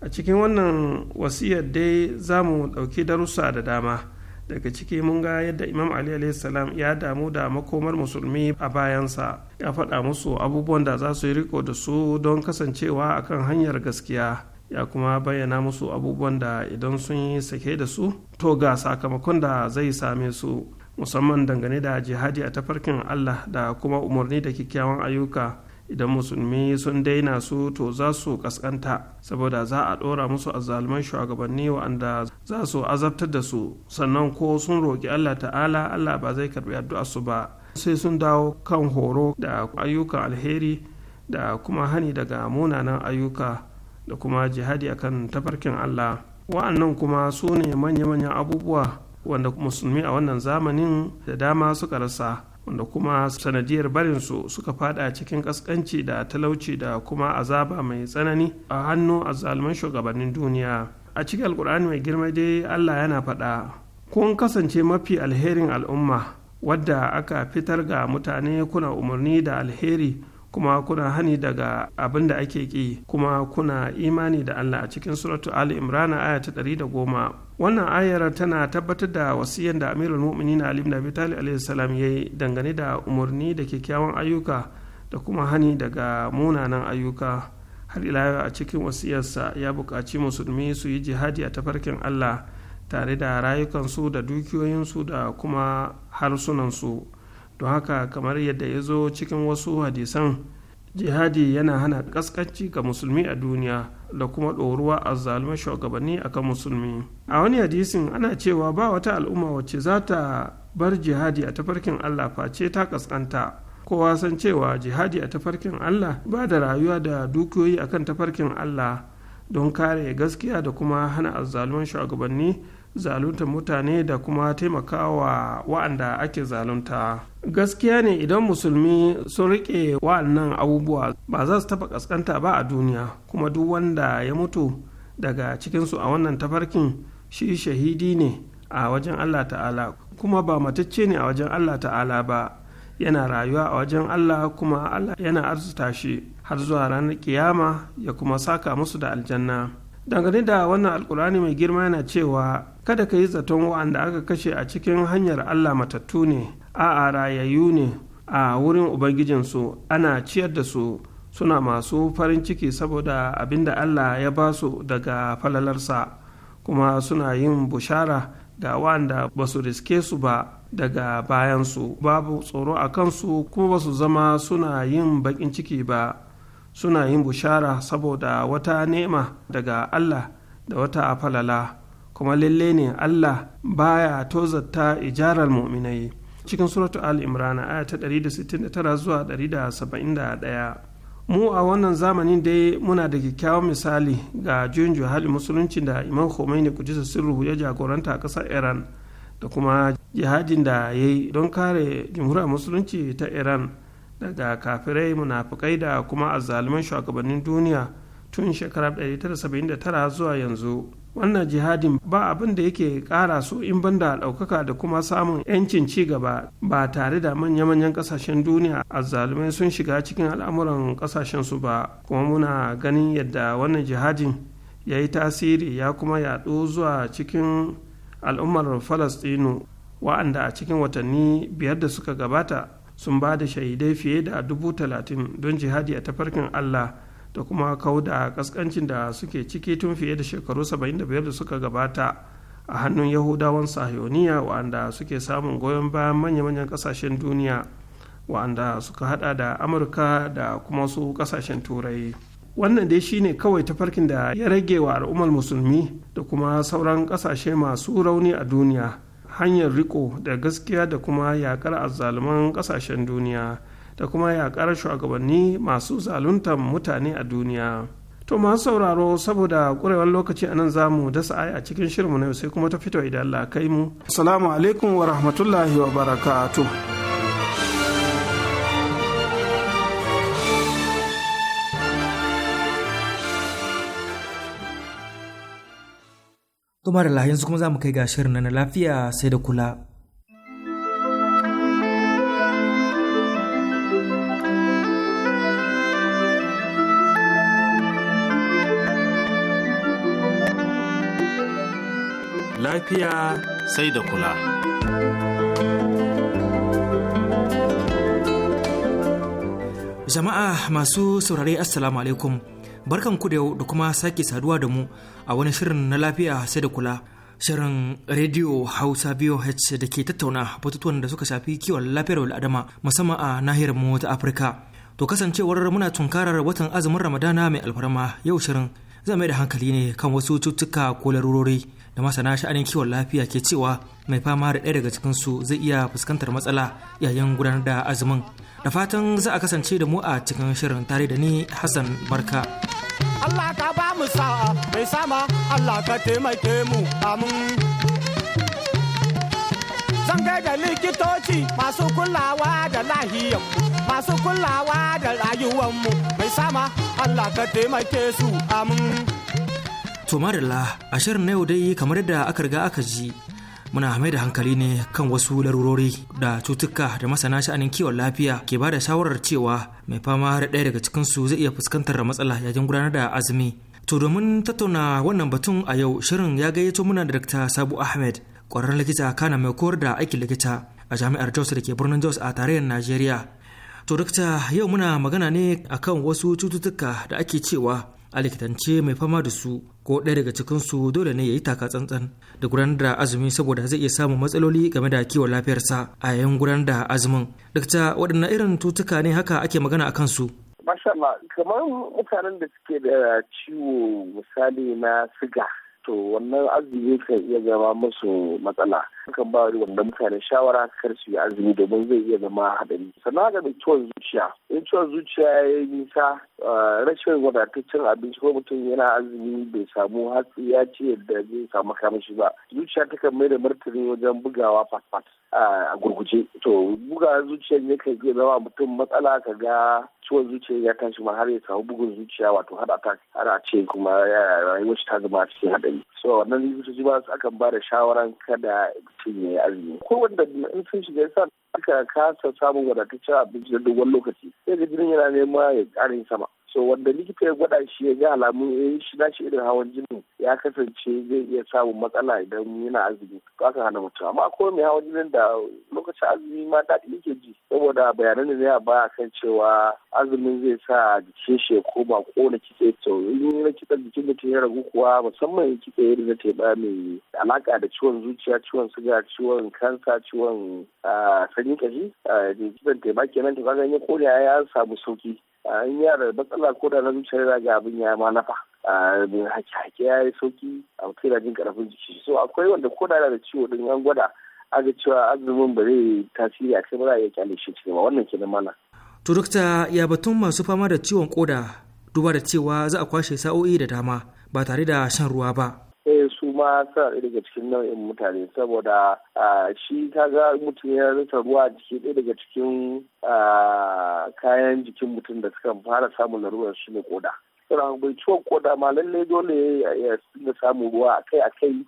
a cikin wannan wasiyar dai za mu ɗauki darussa da dama daga ciki mun ga yadda imam ali salam ya damu da makomar musulmi a bayansa ya faɗa musu abubuwan da za su yi riko da su don kasancewa akan hanyar gaskiya ya kuma bayyana musu abubuwan da idan sun yi sake da su to ga sakamakon da zai same su musamman dangane da jihadi a tafarkin allah da kuma umarni da kyakkyawan ayyuka idan musulmi sun daina su to za su kaskanta saboda za a ɗora musu azzaluman shugabanni wa'anda za su azabtar da su sannan ko sun roƙi allah ta'ala allah ba zai karɓi addu'a su ba sai sun dawo kan horo da ayyukan alheri da kuma hani daga munanan ayyuka da kuma jihadi akan tafarkin allah wa'annan kuma su ne manya-manyan abubuwa wanda musulmi a wannan zamanin da dama suka rasa wanda kuma sanadiyar barinsu suka fada cikin kaskanci da talauci da kuma azaba mai tsanani a hannu azalman shugabannin duniya a cikin alkur'ani mai girma dai allah yana faɗa kun kasance mafi alherin al'umma wadda aka fitar ga mutane kuna umarni da alheri kuma kuna hani daga abin da ake ki kuma kuna imani da allah a cikin suratu ali imrana aya ta ɗari da goma wannan ayar tana tabbatar da wasiyan da amirul mu'minin ali ibn abi talib ya yi dangane da umarni da kyakkyawan ayyuka da kuma hani daga munanan ayyuka har ila a cikin wasiyarsa ya buƙaci musulmi su yi jihadi a tafarkin Allah tare da rayukansu da dukiyoyinsu da kuma harsunansu don haka kamar yadda ya zo cikin wasu hadisan jihadi yana hana ƙasƙanci ga musulmi a duniya da kuma ɗoruwa a zalumin shugabanni akan musulmi a wani hadisin ana cewa ba wata al'umma wacce za ta bar jihadi a tafarkin allah face ta kaskanta kowa san cewa jihadi a tafarkin allah ba da rayuwa da dukiyoyi akan tafarkin allah don kare gaskiya da kuma hana azzaluman shugabanni zalunta mutane da kuma taimakawa wa'anda ake zalunta gaskiya ne idan musulmi sun riƙe wa'annan abubuwa ba za su taɓa ƙasƙanta ba a duniya kuma duk wanda ya mutu daga cikinsu a wannan tafarkin shi shahidi ne a wajen allah ta'ala kuma ba matacce ne a wajen allah ta'ala ba yana rayuwa a wajen allah kuma allah yana arzuta shi har zuwa ranar kiyama ya kuma saka musu da aljanna dangane da wannan alkur'ani mai girma yana cewa kada ka yi zaton wa'anda aka kashe a cikin hanyar allah matattu ne a rayayyu ne a wurin ubangijinsu ana ciyar da su suna masu farin ciki saboda abin da allah ya ba su daga falalarsa kuma suna yin bushara da wa'anda ba su riske su ba daga bayansu babu tsoro a kansu kuma ba su zama suna yin baƙin ciki ba suna yin bushara saboda wata nema daga Allah da wata falala kuma lalle ne Allah baya tozatta ijarar mu'minai cikin suratu al-imran aya ta 169 zuwa 171 mu a wannan zamanin dai muna da kyakkyawan misali ga juyin hali musulunci da imam khomeini kujisa sirruhu ya jagoranta a ƙasar iran da kuma jihadin da ya yi don kare jamhuriyar musulunci ta iran daga kafirai munafukai da kuma azzaluman shugabannin duniya tun shekarar 1979 zuwa yanzu wannan jihadin ba abin da yake kara so in banda ɗaukaka da kuma samun 'yancin ci gaba ba tare da manya-manyan ƙasashen duniya azzalumai sun shiga cikin al'amuran ƙasashensu ba kuma muna ganin yadda wannan jihadin ya yi tasiri ya kuma yaɗo zuwa cikin al'ummar falastinu wa'anda a cikin watanni biyar da suka gabata sun ba da shahidai fiye da dubu talatin don jihadi a tafarkin allah da kuma kau da kaskancin da suke ciki tun fiye da shekaru 75 da suka gabata a hannun yahudawan sahioniya wa'anda suke samun goyon bayan manya-manyan kasashen duniya wa'anda suka hada da amurka da kuma su kasashen turai wannan dai shine kawai tafarkin da ya rage wa al'ummar musulmi da kuma sauran kasashe masu rauni a duniya hanyar riko da gaskiya da kuma yakar azzaluman kasashen duniya da kuma yakar shugabanni masu zaluntar mutane a duniya to masu sauraro saboda kurewar lokaci anan za mu dasa ai a cikin shirinmu na yau sai kuma ta fito idan Allah kai mu assalamu alaikum wa rahmatullahi wa barakatuh To marala yanzu kuma za mu kai ga shirin na lafiya sai da kula. Lafiya sai da kula. Jama'a masu saurare Assalamu alaikum. Barkan ku da yau da kuma sake saduwa da mu a wani shirin na lafiya sai da kula. Shirin Radio Hausa BOH da ke tattauna batutuwan da suka shafi kiwon lafiyar al'adama musamman a nahiyar mu ta Afirka. To kasancewar muna tunkarar watan azumin Ramadana mai alfarma yau shirin zai mai da hankali ne kan wasu cututtuka ko larurori da masana sha'anin kiwon lafiya ke cewa mai fama da ɗaya daga cikinsu zai iya fuskantar matsala yayin gudanar da azumin. da fatan za a kasance da mu a cikin shirin tare da ni Hassan Barka. Allah ka ba mu sa'a mai sama Allah ka taimake mu amin. Zan da likitoci masu kulawa da lahiyar masu kulawa da rayuwanmu mai sama Allah ka taimake su amin. To marilla, a shirin na yau dai kamar yadda aka riga aka ji muna mai da hankali ne kan wasu larurori da cutuka da masana sha'anin kiwon lafiya ke ba da shawarar cewa mai fama da ɗaya daga cikin su zai iya fuskantar matsala yayin gudanar da azumi to domin tattauna wannan batun a yau shirin ya gayyato muna da Dr. Sabu Ahmed ƙwararren likita kana mai koyar da aikin likita a jami'ar Jos da ke birnin Jos a tarayyar Najeriya to Dr. yau muna magana ne akan wasu cututtuka da ake cewa a likitance mai fama da su ko ɗaya daga cikinsu dole ne ya yi taka tsantsan da gudanar da azumi saboda zai iya samun matsaloli game da kiwon lafiyarsa a yayin gudanar da azumin dakta waɗanne irin tutuka ne haka ake magana a kansu mashallah kamar mutanen da suke da ciwo misali na siga to wannan azumi kan iya zama musu matsala kan ba wanda mutane shawara kar su yi azumi domin zai iya zama haɗari sannan haka da ciwon zuciya in ciwon zuciya ya yi nisa eh, rashin wadataccen abinci ko mutum yana azumi bai samu hatsi ya ce yadda zai samu kamashi ba zuciya ta kan mai da martani wajen bugawa fat eh, a gurguje to buga zuciyar ne kan iya zama mutum matsala ka ga ciwon zuciya ya tashi ma har ya samu bugun zuciya wato har attack har a ce kuma rayuwar ta zama cikin haɗari so wannan likitoci ba su akan ba da shawaran kada mutum ya yi azumi ko wanda in sun shiga yasa aka kasa samun wadataccen abinci da dogon lokaci sai ga jinin yana nema ya ƙarin sama so wanda likita ya gwada shi ya ga alamun ya shi nashi irin hawan jini ya kasance zai iya samun matsala idan yana azumi to aka hana mutum amma akwai mai hawan jinin da lokacin azumi ma daɗi yake ji saboda bayanan da ya ba kan cewa azumin zai sa jikin shi ya koma kona kitse to in na kitse jikin mutum ya ragu kuwa musamman kitse irin na teɓa mai alaka da ciwon zuciya ciwon suga ciwon kansa ciwon ah, sanyi kashi ah, kitsen teɓa kenan to kaga ya kone ya samu sauki in yana da matsala ko da na zuciya yana ga abin ya ma nafa hake ya yi sauki a mutum yana jin karfin jiki so akwai wanda ko da yana da ciwo din yan gwada aga cewa azumin ba zai tasiri a kai ba za a iya kyale shi cikin wannan kenan mana. to dokta ya batun masu fama da ciwon koda duba da cewa za a kwashe sa'o'i da dama ba tare da shan ruwa ba. sai su ma ɗaya daga cikin nau'in mutane saboda shi ta ga mutum ya rasa ruwa jiki ɗaya daga cikin kayan jikin mutum da suka fara samun larurar shi ne koda. Sura bai ciwon koda ma lallai dole ya samu ruwa akai-akai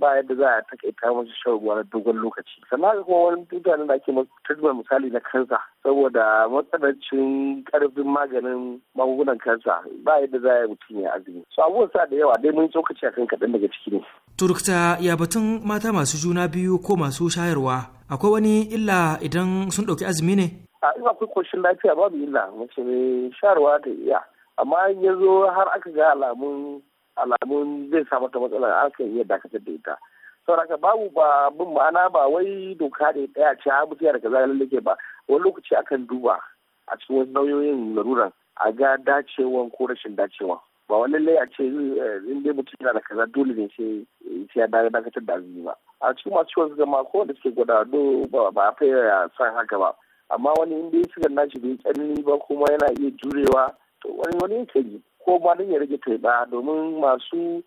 ba yadda za a takaita masu shan na dogon lokaci sannan haka kuma wani mutanen da ake zuba misali na kansa saboda matsanancin karfin maganin magungunan kansa ba yadda za a yi mutum ya azumi so abubuwan sa da yawa dai mun tsokaci akan kaɗan daga ciki ne. turukta ya batun mata masu juna biyu ko masu shayarwa akwai wani illa idan sun ɗauki azumi ne. a ina akwai koshin lafiya babu illa mace mai shayarwa ta iya amma ya zo har aka ga alamun alamun zai samu ta matsala a kan iya dakatar da ita saboda babu ba bin ma'ana ba wai doka ne daya ce a ah, mutu da kaza lallake ba wani lokaci akan duba a cikin wasu nauyoyin laruran a ga dacewan ko rashin dacewa ba wani lallai a ce eh, in dai mutum yana da kaza dole ne sai ya dakatar da azumi ba a cikin masu ciwon zama ko da suke gwada do ba a fayar san haka ba amma wani in dai na nashi bai tsanani ba kuma yana iya jurewa to wani wani yake ji ko ma don ya rage taiba domin masu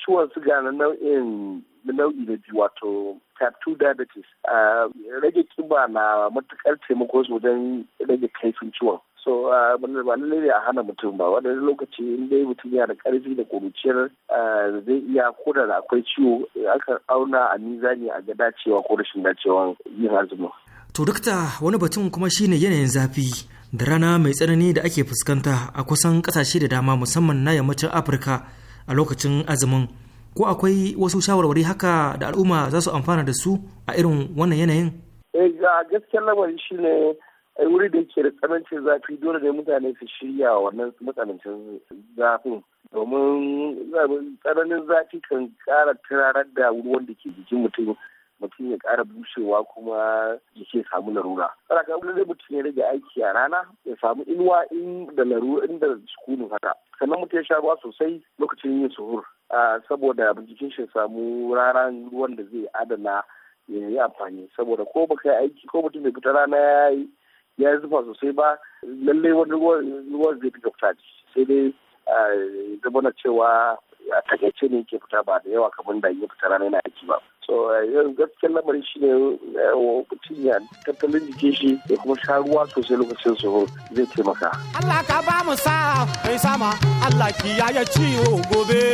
ciwon suga na nau'in nau'i da biyu wato type 2 diabetes rage kiba na matukar taimako su don rage kaifin ciwon so ba lallai ne a hana mutum ba wani lokaci in dai mutum yana da karfi da kuruciyar zai iya koda da akwai ciwo akan auna a nizami a gada cewa ko rashin dacewa yin azumin To dakta wani batun kuma shine yanayin zafi da rana mai tsanani da ake fuskanta a kusan kasashe da dama musamman na yammacin Afirka a lokacin azumin. Ko akwai wasu shawarwari haka da al'umma za su amfana da su a irin wannan yanayin? Eh, ga gaskiyar lamarin shine eh, wuri da ke da tsanancin zafi dole ne mutane su shirya wannan matsanancin zafin domin eh, tsananin zafi kan kara turarar da ruwan da ke jikin mutum mutum ya ƙara bushewa kuma ya ke samu larura. Kada ka zai mutum ya rage aiki a rana ya samu inuwa in da larura in da sukunin haka. Sannan mutum ya sha ruwa sosai lokacin yin suhur. Saboda jikin shi samu raran ruwan da zai adana ya yi amfani saboda ko baka yi aiki ko mutum bai fita rana ya yi ya zufa sosai ba lallai wani ruwan zai fi fita sai dai zama cewa a takaice ne yake fita ba da yawa kamar da ya fita rana na aiki ba so yanzu eh, gaskiyar lamarin shi ne eh, mutum ya tattalin jike shi ya kuma sha ruwa sosai lokacin su zai taimaka. Allah ka ba mu sa mai sama Allah ki ya ciwo gobe.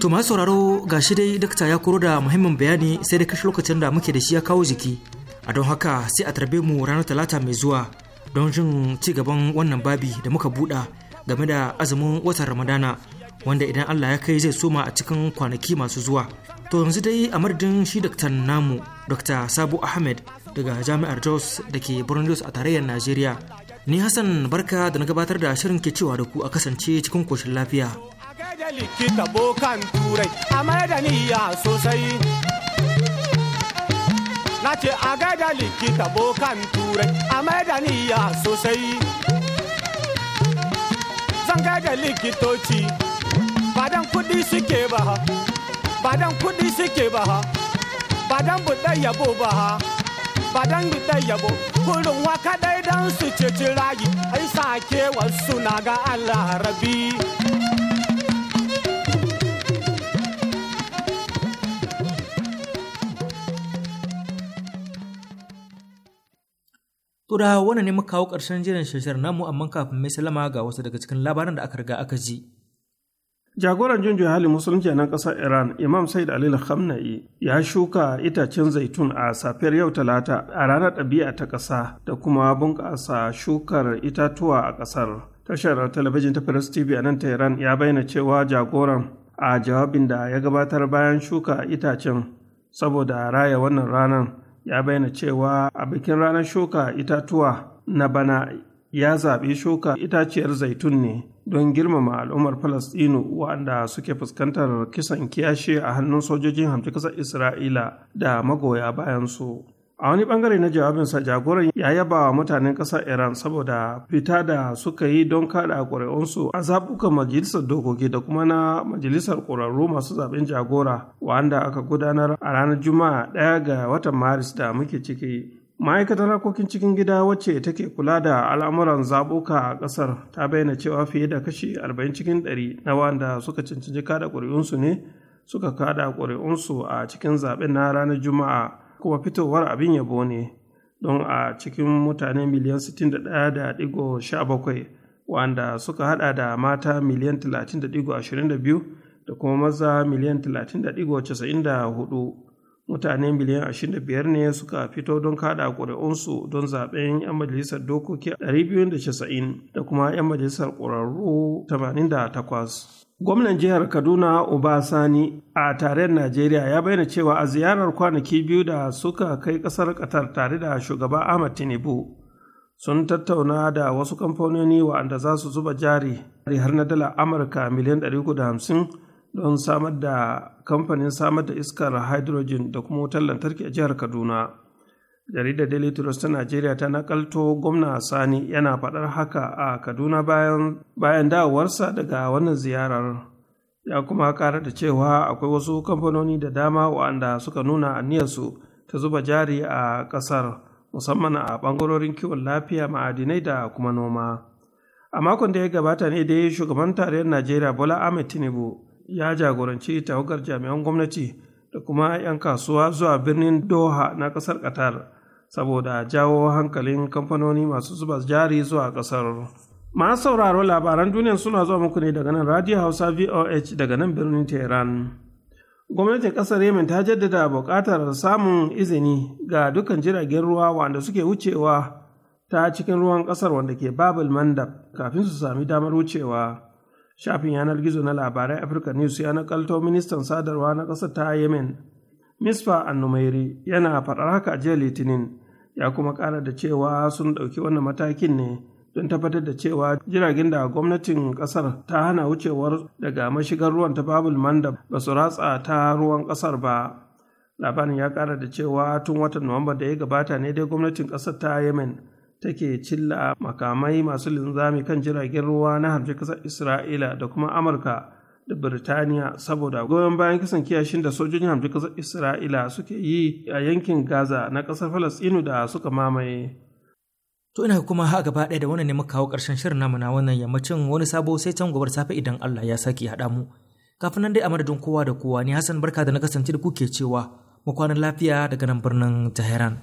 To ma sauraro ga shi dai dakta ya koro da muhimmin bayani sai da kashe lokacin da muke da shi ya kawo jiki. A don haka sai a tarbe mu ranar talata mai zuwa don jin ci gaban wannan babi da muka buɗa. game da azumin watan ramadana wanda idan allah ya kai zai soma a cikin kwanaki masu zuwa to yanzu dai a madadin shi dr. namu dr sabu ahmed daga jami'ar jos da ke birnin jos a tarayyar najeriya ni hassan barka da na gabatar da shirin ke cewa da ku a kasance cikin koshin lafiya da likita bokan turai a da sosai ce a gaida likita bokan turai a da niyya sosai ganga da likitoci badan kudi suke ba ha badan kudi suke ba ha badan buɗe yabo ba ha badan buɗe yabo kurin waka dai dan su ceci rayi ai sake wasu na ga Allah rabi. Turawa wannan ne muka kawo ƙarshen jiran shirin namu amma kafin mai salama ga wasu daga cikin labaran da aka riga aka ji. Jagoran ya hali musulunci na ƙasar Iran Imam Said Ali Khamenei ya shuka itacen zaitun a safiyar yau talata a ranar ɗabi'a ta ƙasa da kuma bunƙasa shukar itatuwa a ƙasar. Tashar talabijin ta Press TV a nan Tehran ya bayyana cewa jagoran a jawabin da ya gabatar bayan shuka itacen saboda raya wannan ranar ya bayyana cewa a bikin ranar shuka itatuwa na bana ya zaɓi shuka itaciyar zaitun ne don girmama al'ummar Falasɗinu waɗanda suke fuskantar kisan kiyashe a hannun sojojin hamci ƙasar Isra'ila da magoya bayansu. a wani bangare na jawabinsa jagoran ya yaba wa mutanen ƙasar iran saboda fita da suka yi don kada ƙuri'unsu a zabukan majalisar dokoki da kuma na majalisar ƙwararru masu zaɓen jagora wanda aka gudanar a ranar juma'a ɗaya ga watan maris da muke ciki ma'aikatar harkokin cikin gida wacce take kula da al'amuran zaɓuka a ƙasar ta bayyana cewa fiye da kashi arba'in cikin ɗari. na wanda suka cancanci kada ƙuri'unsu ne suka kada ƙuri'unsu a cikin zaɓen na ranar juma'a kuma fitowar abin yabo ne don a cikin mutane miliyan 61.17 wanda suka hada da mata miliyan 30.22 da kuma maza miliyan 30.94 mutane miliyan 25 ne suka fito don kada ƙuri'unsu don zaben 'yan majalisar dokoki 290 da kuma 'yan majalisar ƙurarru 88 Gwamnan jihar Kaduna Obasani a tarayyar Najeriya ya bayyana cewa a ziyarar kwanaki biyu da suka kai ƙasar Qatar tare da shugaba Ahmad Tinubu sun tattauna da wasu kamfanoni waɗanda za su zuba jari har na dala Amurka miliyan hamsin don samar da kamfanin samar da iskar hydrogen da kuma wutar lantarki a jihar Kaduna. jaridar daily trust ta najeriya ta nakalto gwamna sani yana faɗar haka a kaduna bayan, bayan dawowarsa daga wannan ziyarar ya kuma ƙara da cewa akwai wasu kamfanoni da dama waɗanda suka nuna aniyarsu ta zuba jari a ƙasar musamman a ɓangarorin kiwon lafiya ma'adinai da kuma noma a makon da ya gabata ne dai shugaban tarayyar najeriya bola ahmed tinubu ya jagoranci tawagar jami'an gwamnati da kuma 'yan kasuwa zuwa birnin doha na ƙasar qatar saboda jawo hankalin kamfanoni masu zuba jari zuwa ƙasar. Masu sauraro labaran duniya suna zuwa muku ne daga nan Radio Hausa VOH daga nan birnin Tehran. Gwamnatin ƙasar Yemen ta jaddada buƙatar samun izini ga dukkan jiragen ruwa wanda suke wucewa ta cikin ruwan ƙasar wanda ke Babul Mandab kafin su sami damar wucewa. Shafin yanar gizo na labarai Africa News ya nakalto ministan sadarwa na ƙasar ta Yemen Misfa Annumairi yana faɗar haka jiya Litinin ya kuma ƙara da cewa sun ɗauki wannan matakin ne don tabbatar da cewa jiragen da gwamnatin ƙasar ta hana wucewar daga mashigar ruwan ta babul manda ba su ratsa ta ruwan ƙasar ba labarin ya ƙara da cewa tun watan nuwamba da ya gabata ne dai gwamnatin ƙasar ta yemen take cilla makamai masu linzami kan jiragen ruwa na harfi ƙasar isra'ila da kuma amurka da Birtaniya saboda goyon bayan kisan kiyashin da sojojin hamdu ƙasar Isra'ila suke yi a yankin Gaza na ƙasar Falasɗinu da suka mamaye. To ina kuma ha gaba ɗaya da wannan ne muka kawo ƙarshen shirin namu na wannan yammacin wani sabo sai can gobar safe idan Allah ya sake haɗa mu. Kafin nan dai a madadin kowa da kowa ne Hassan barka da na kasance da kuke cewa mu kwana lafiya daga nan birnin Tehran.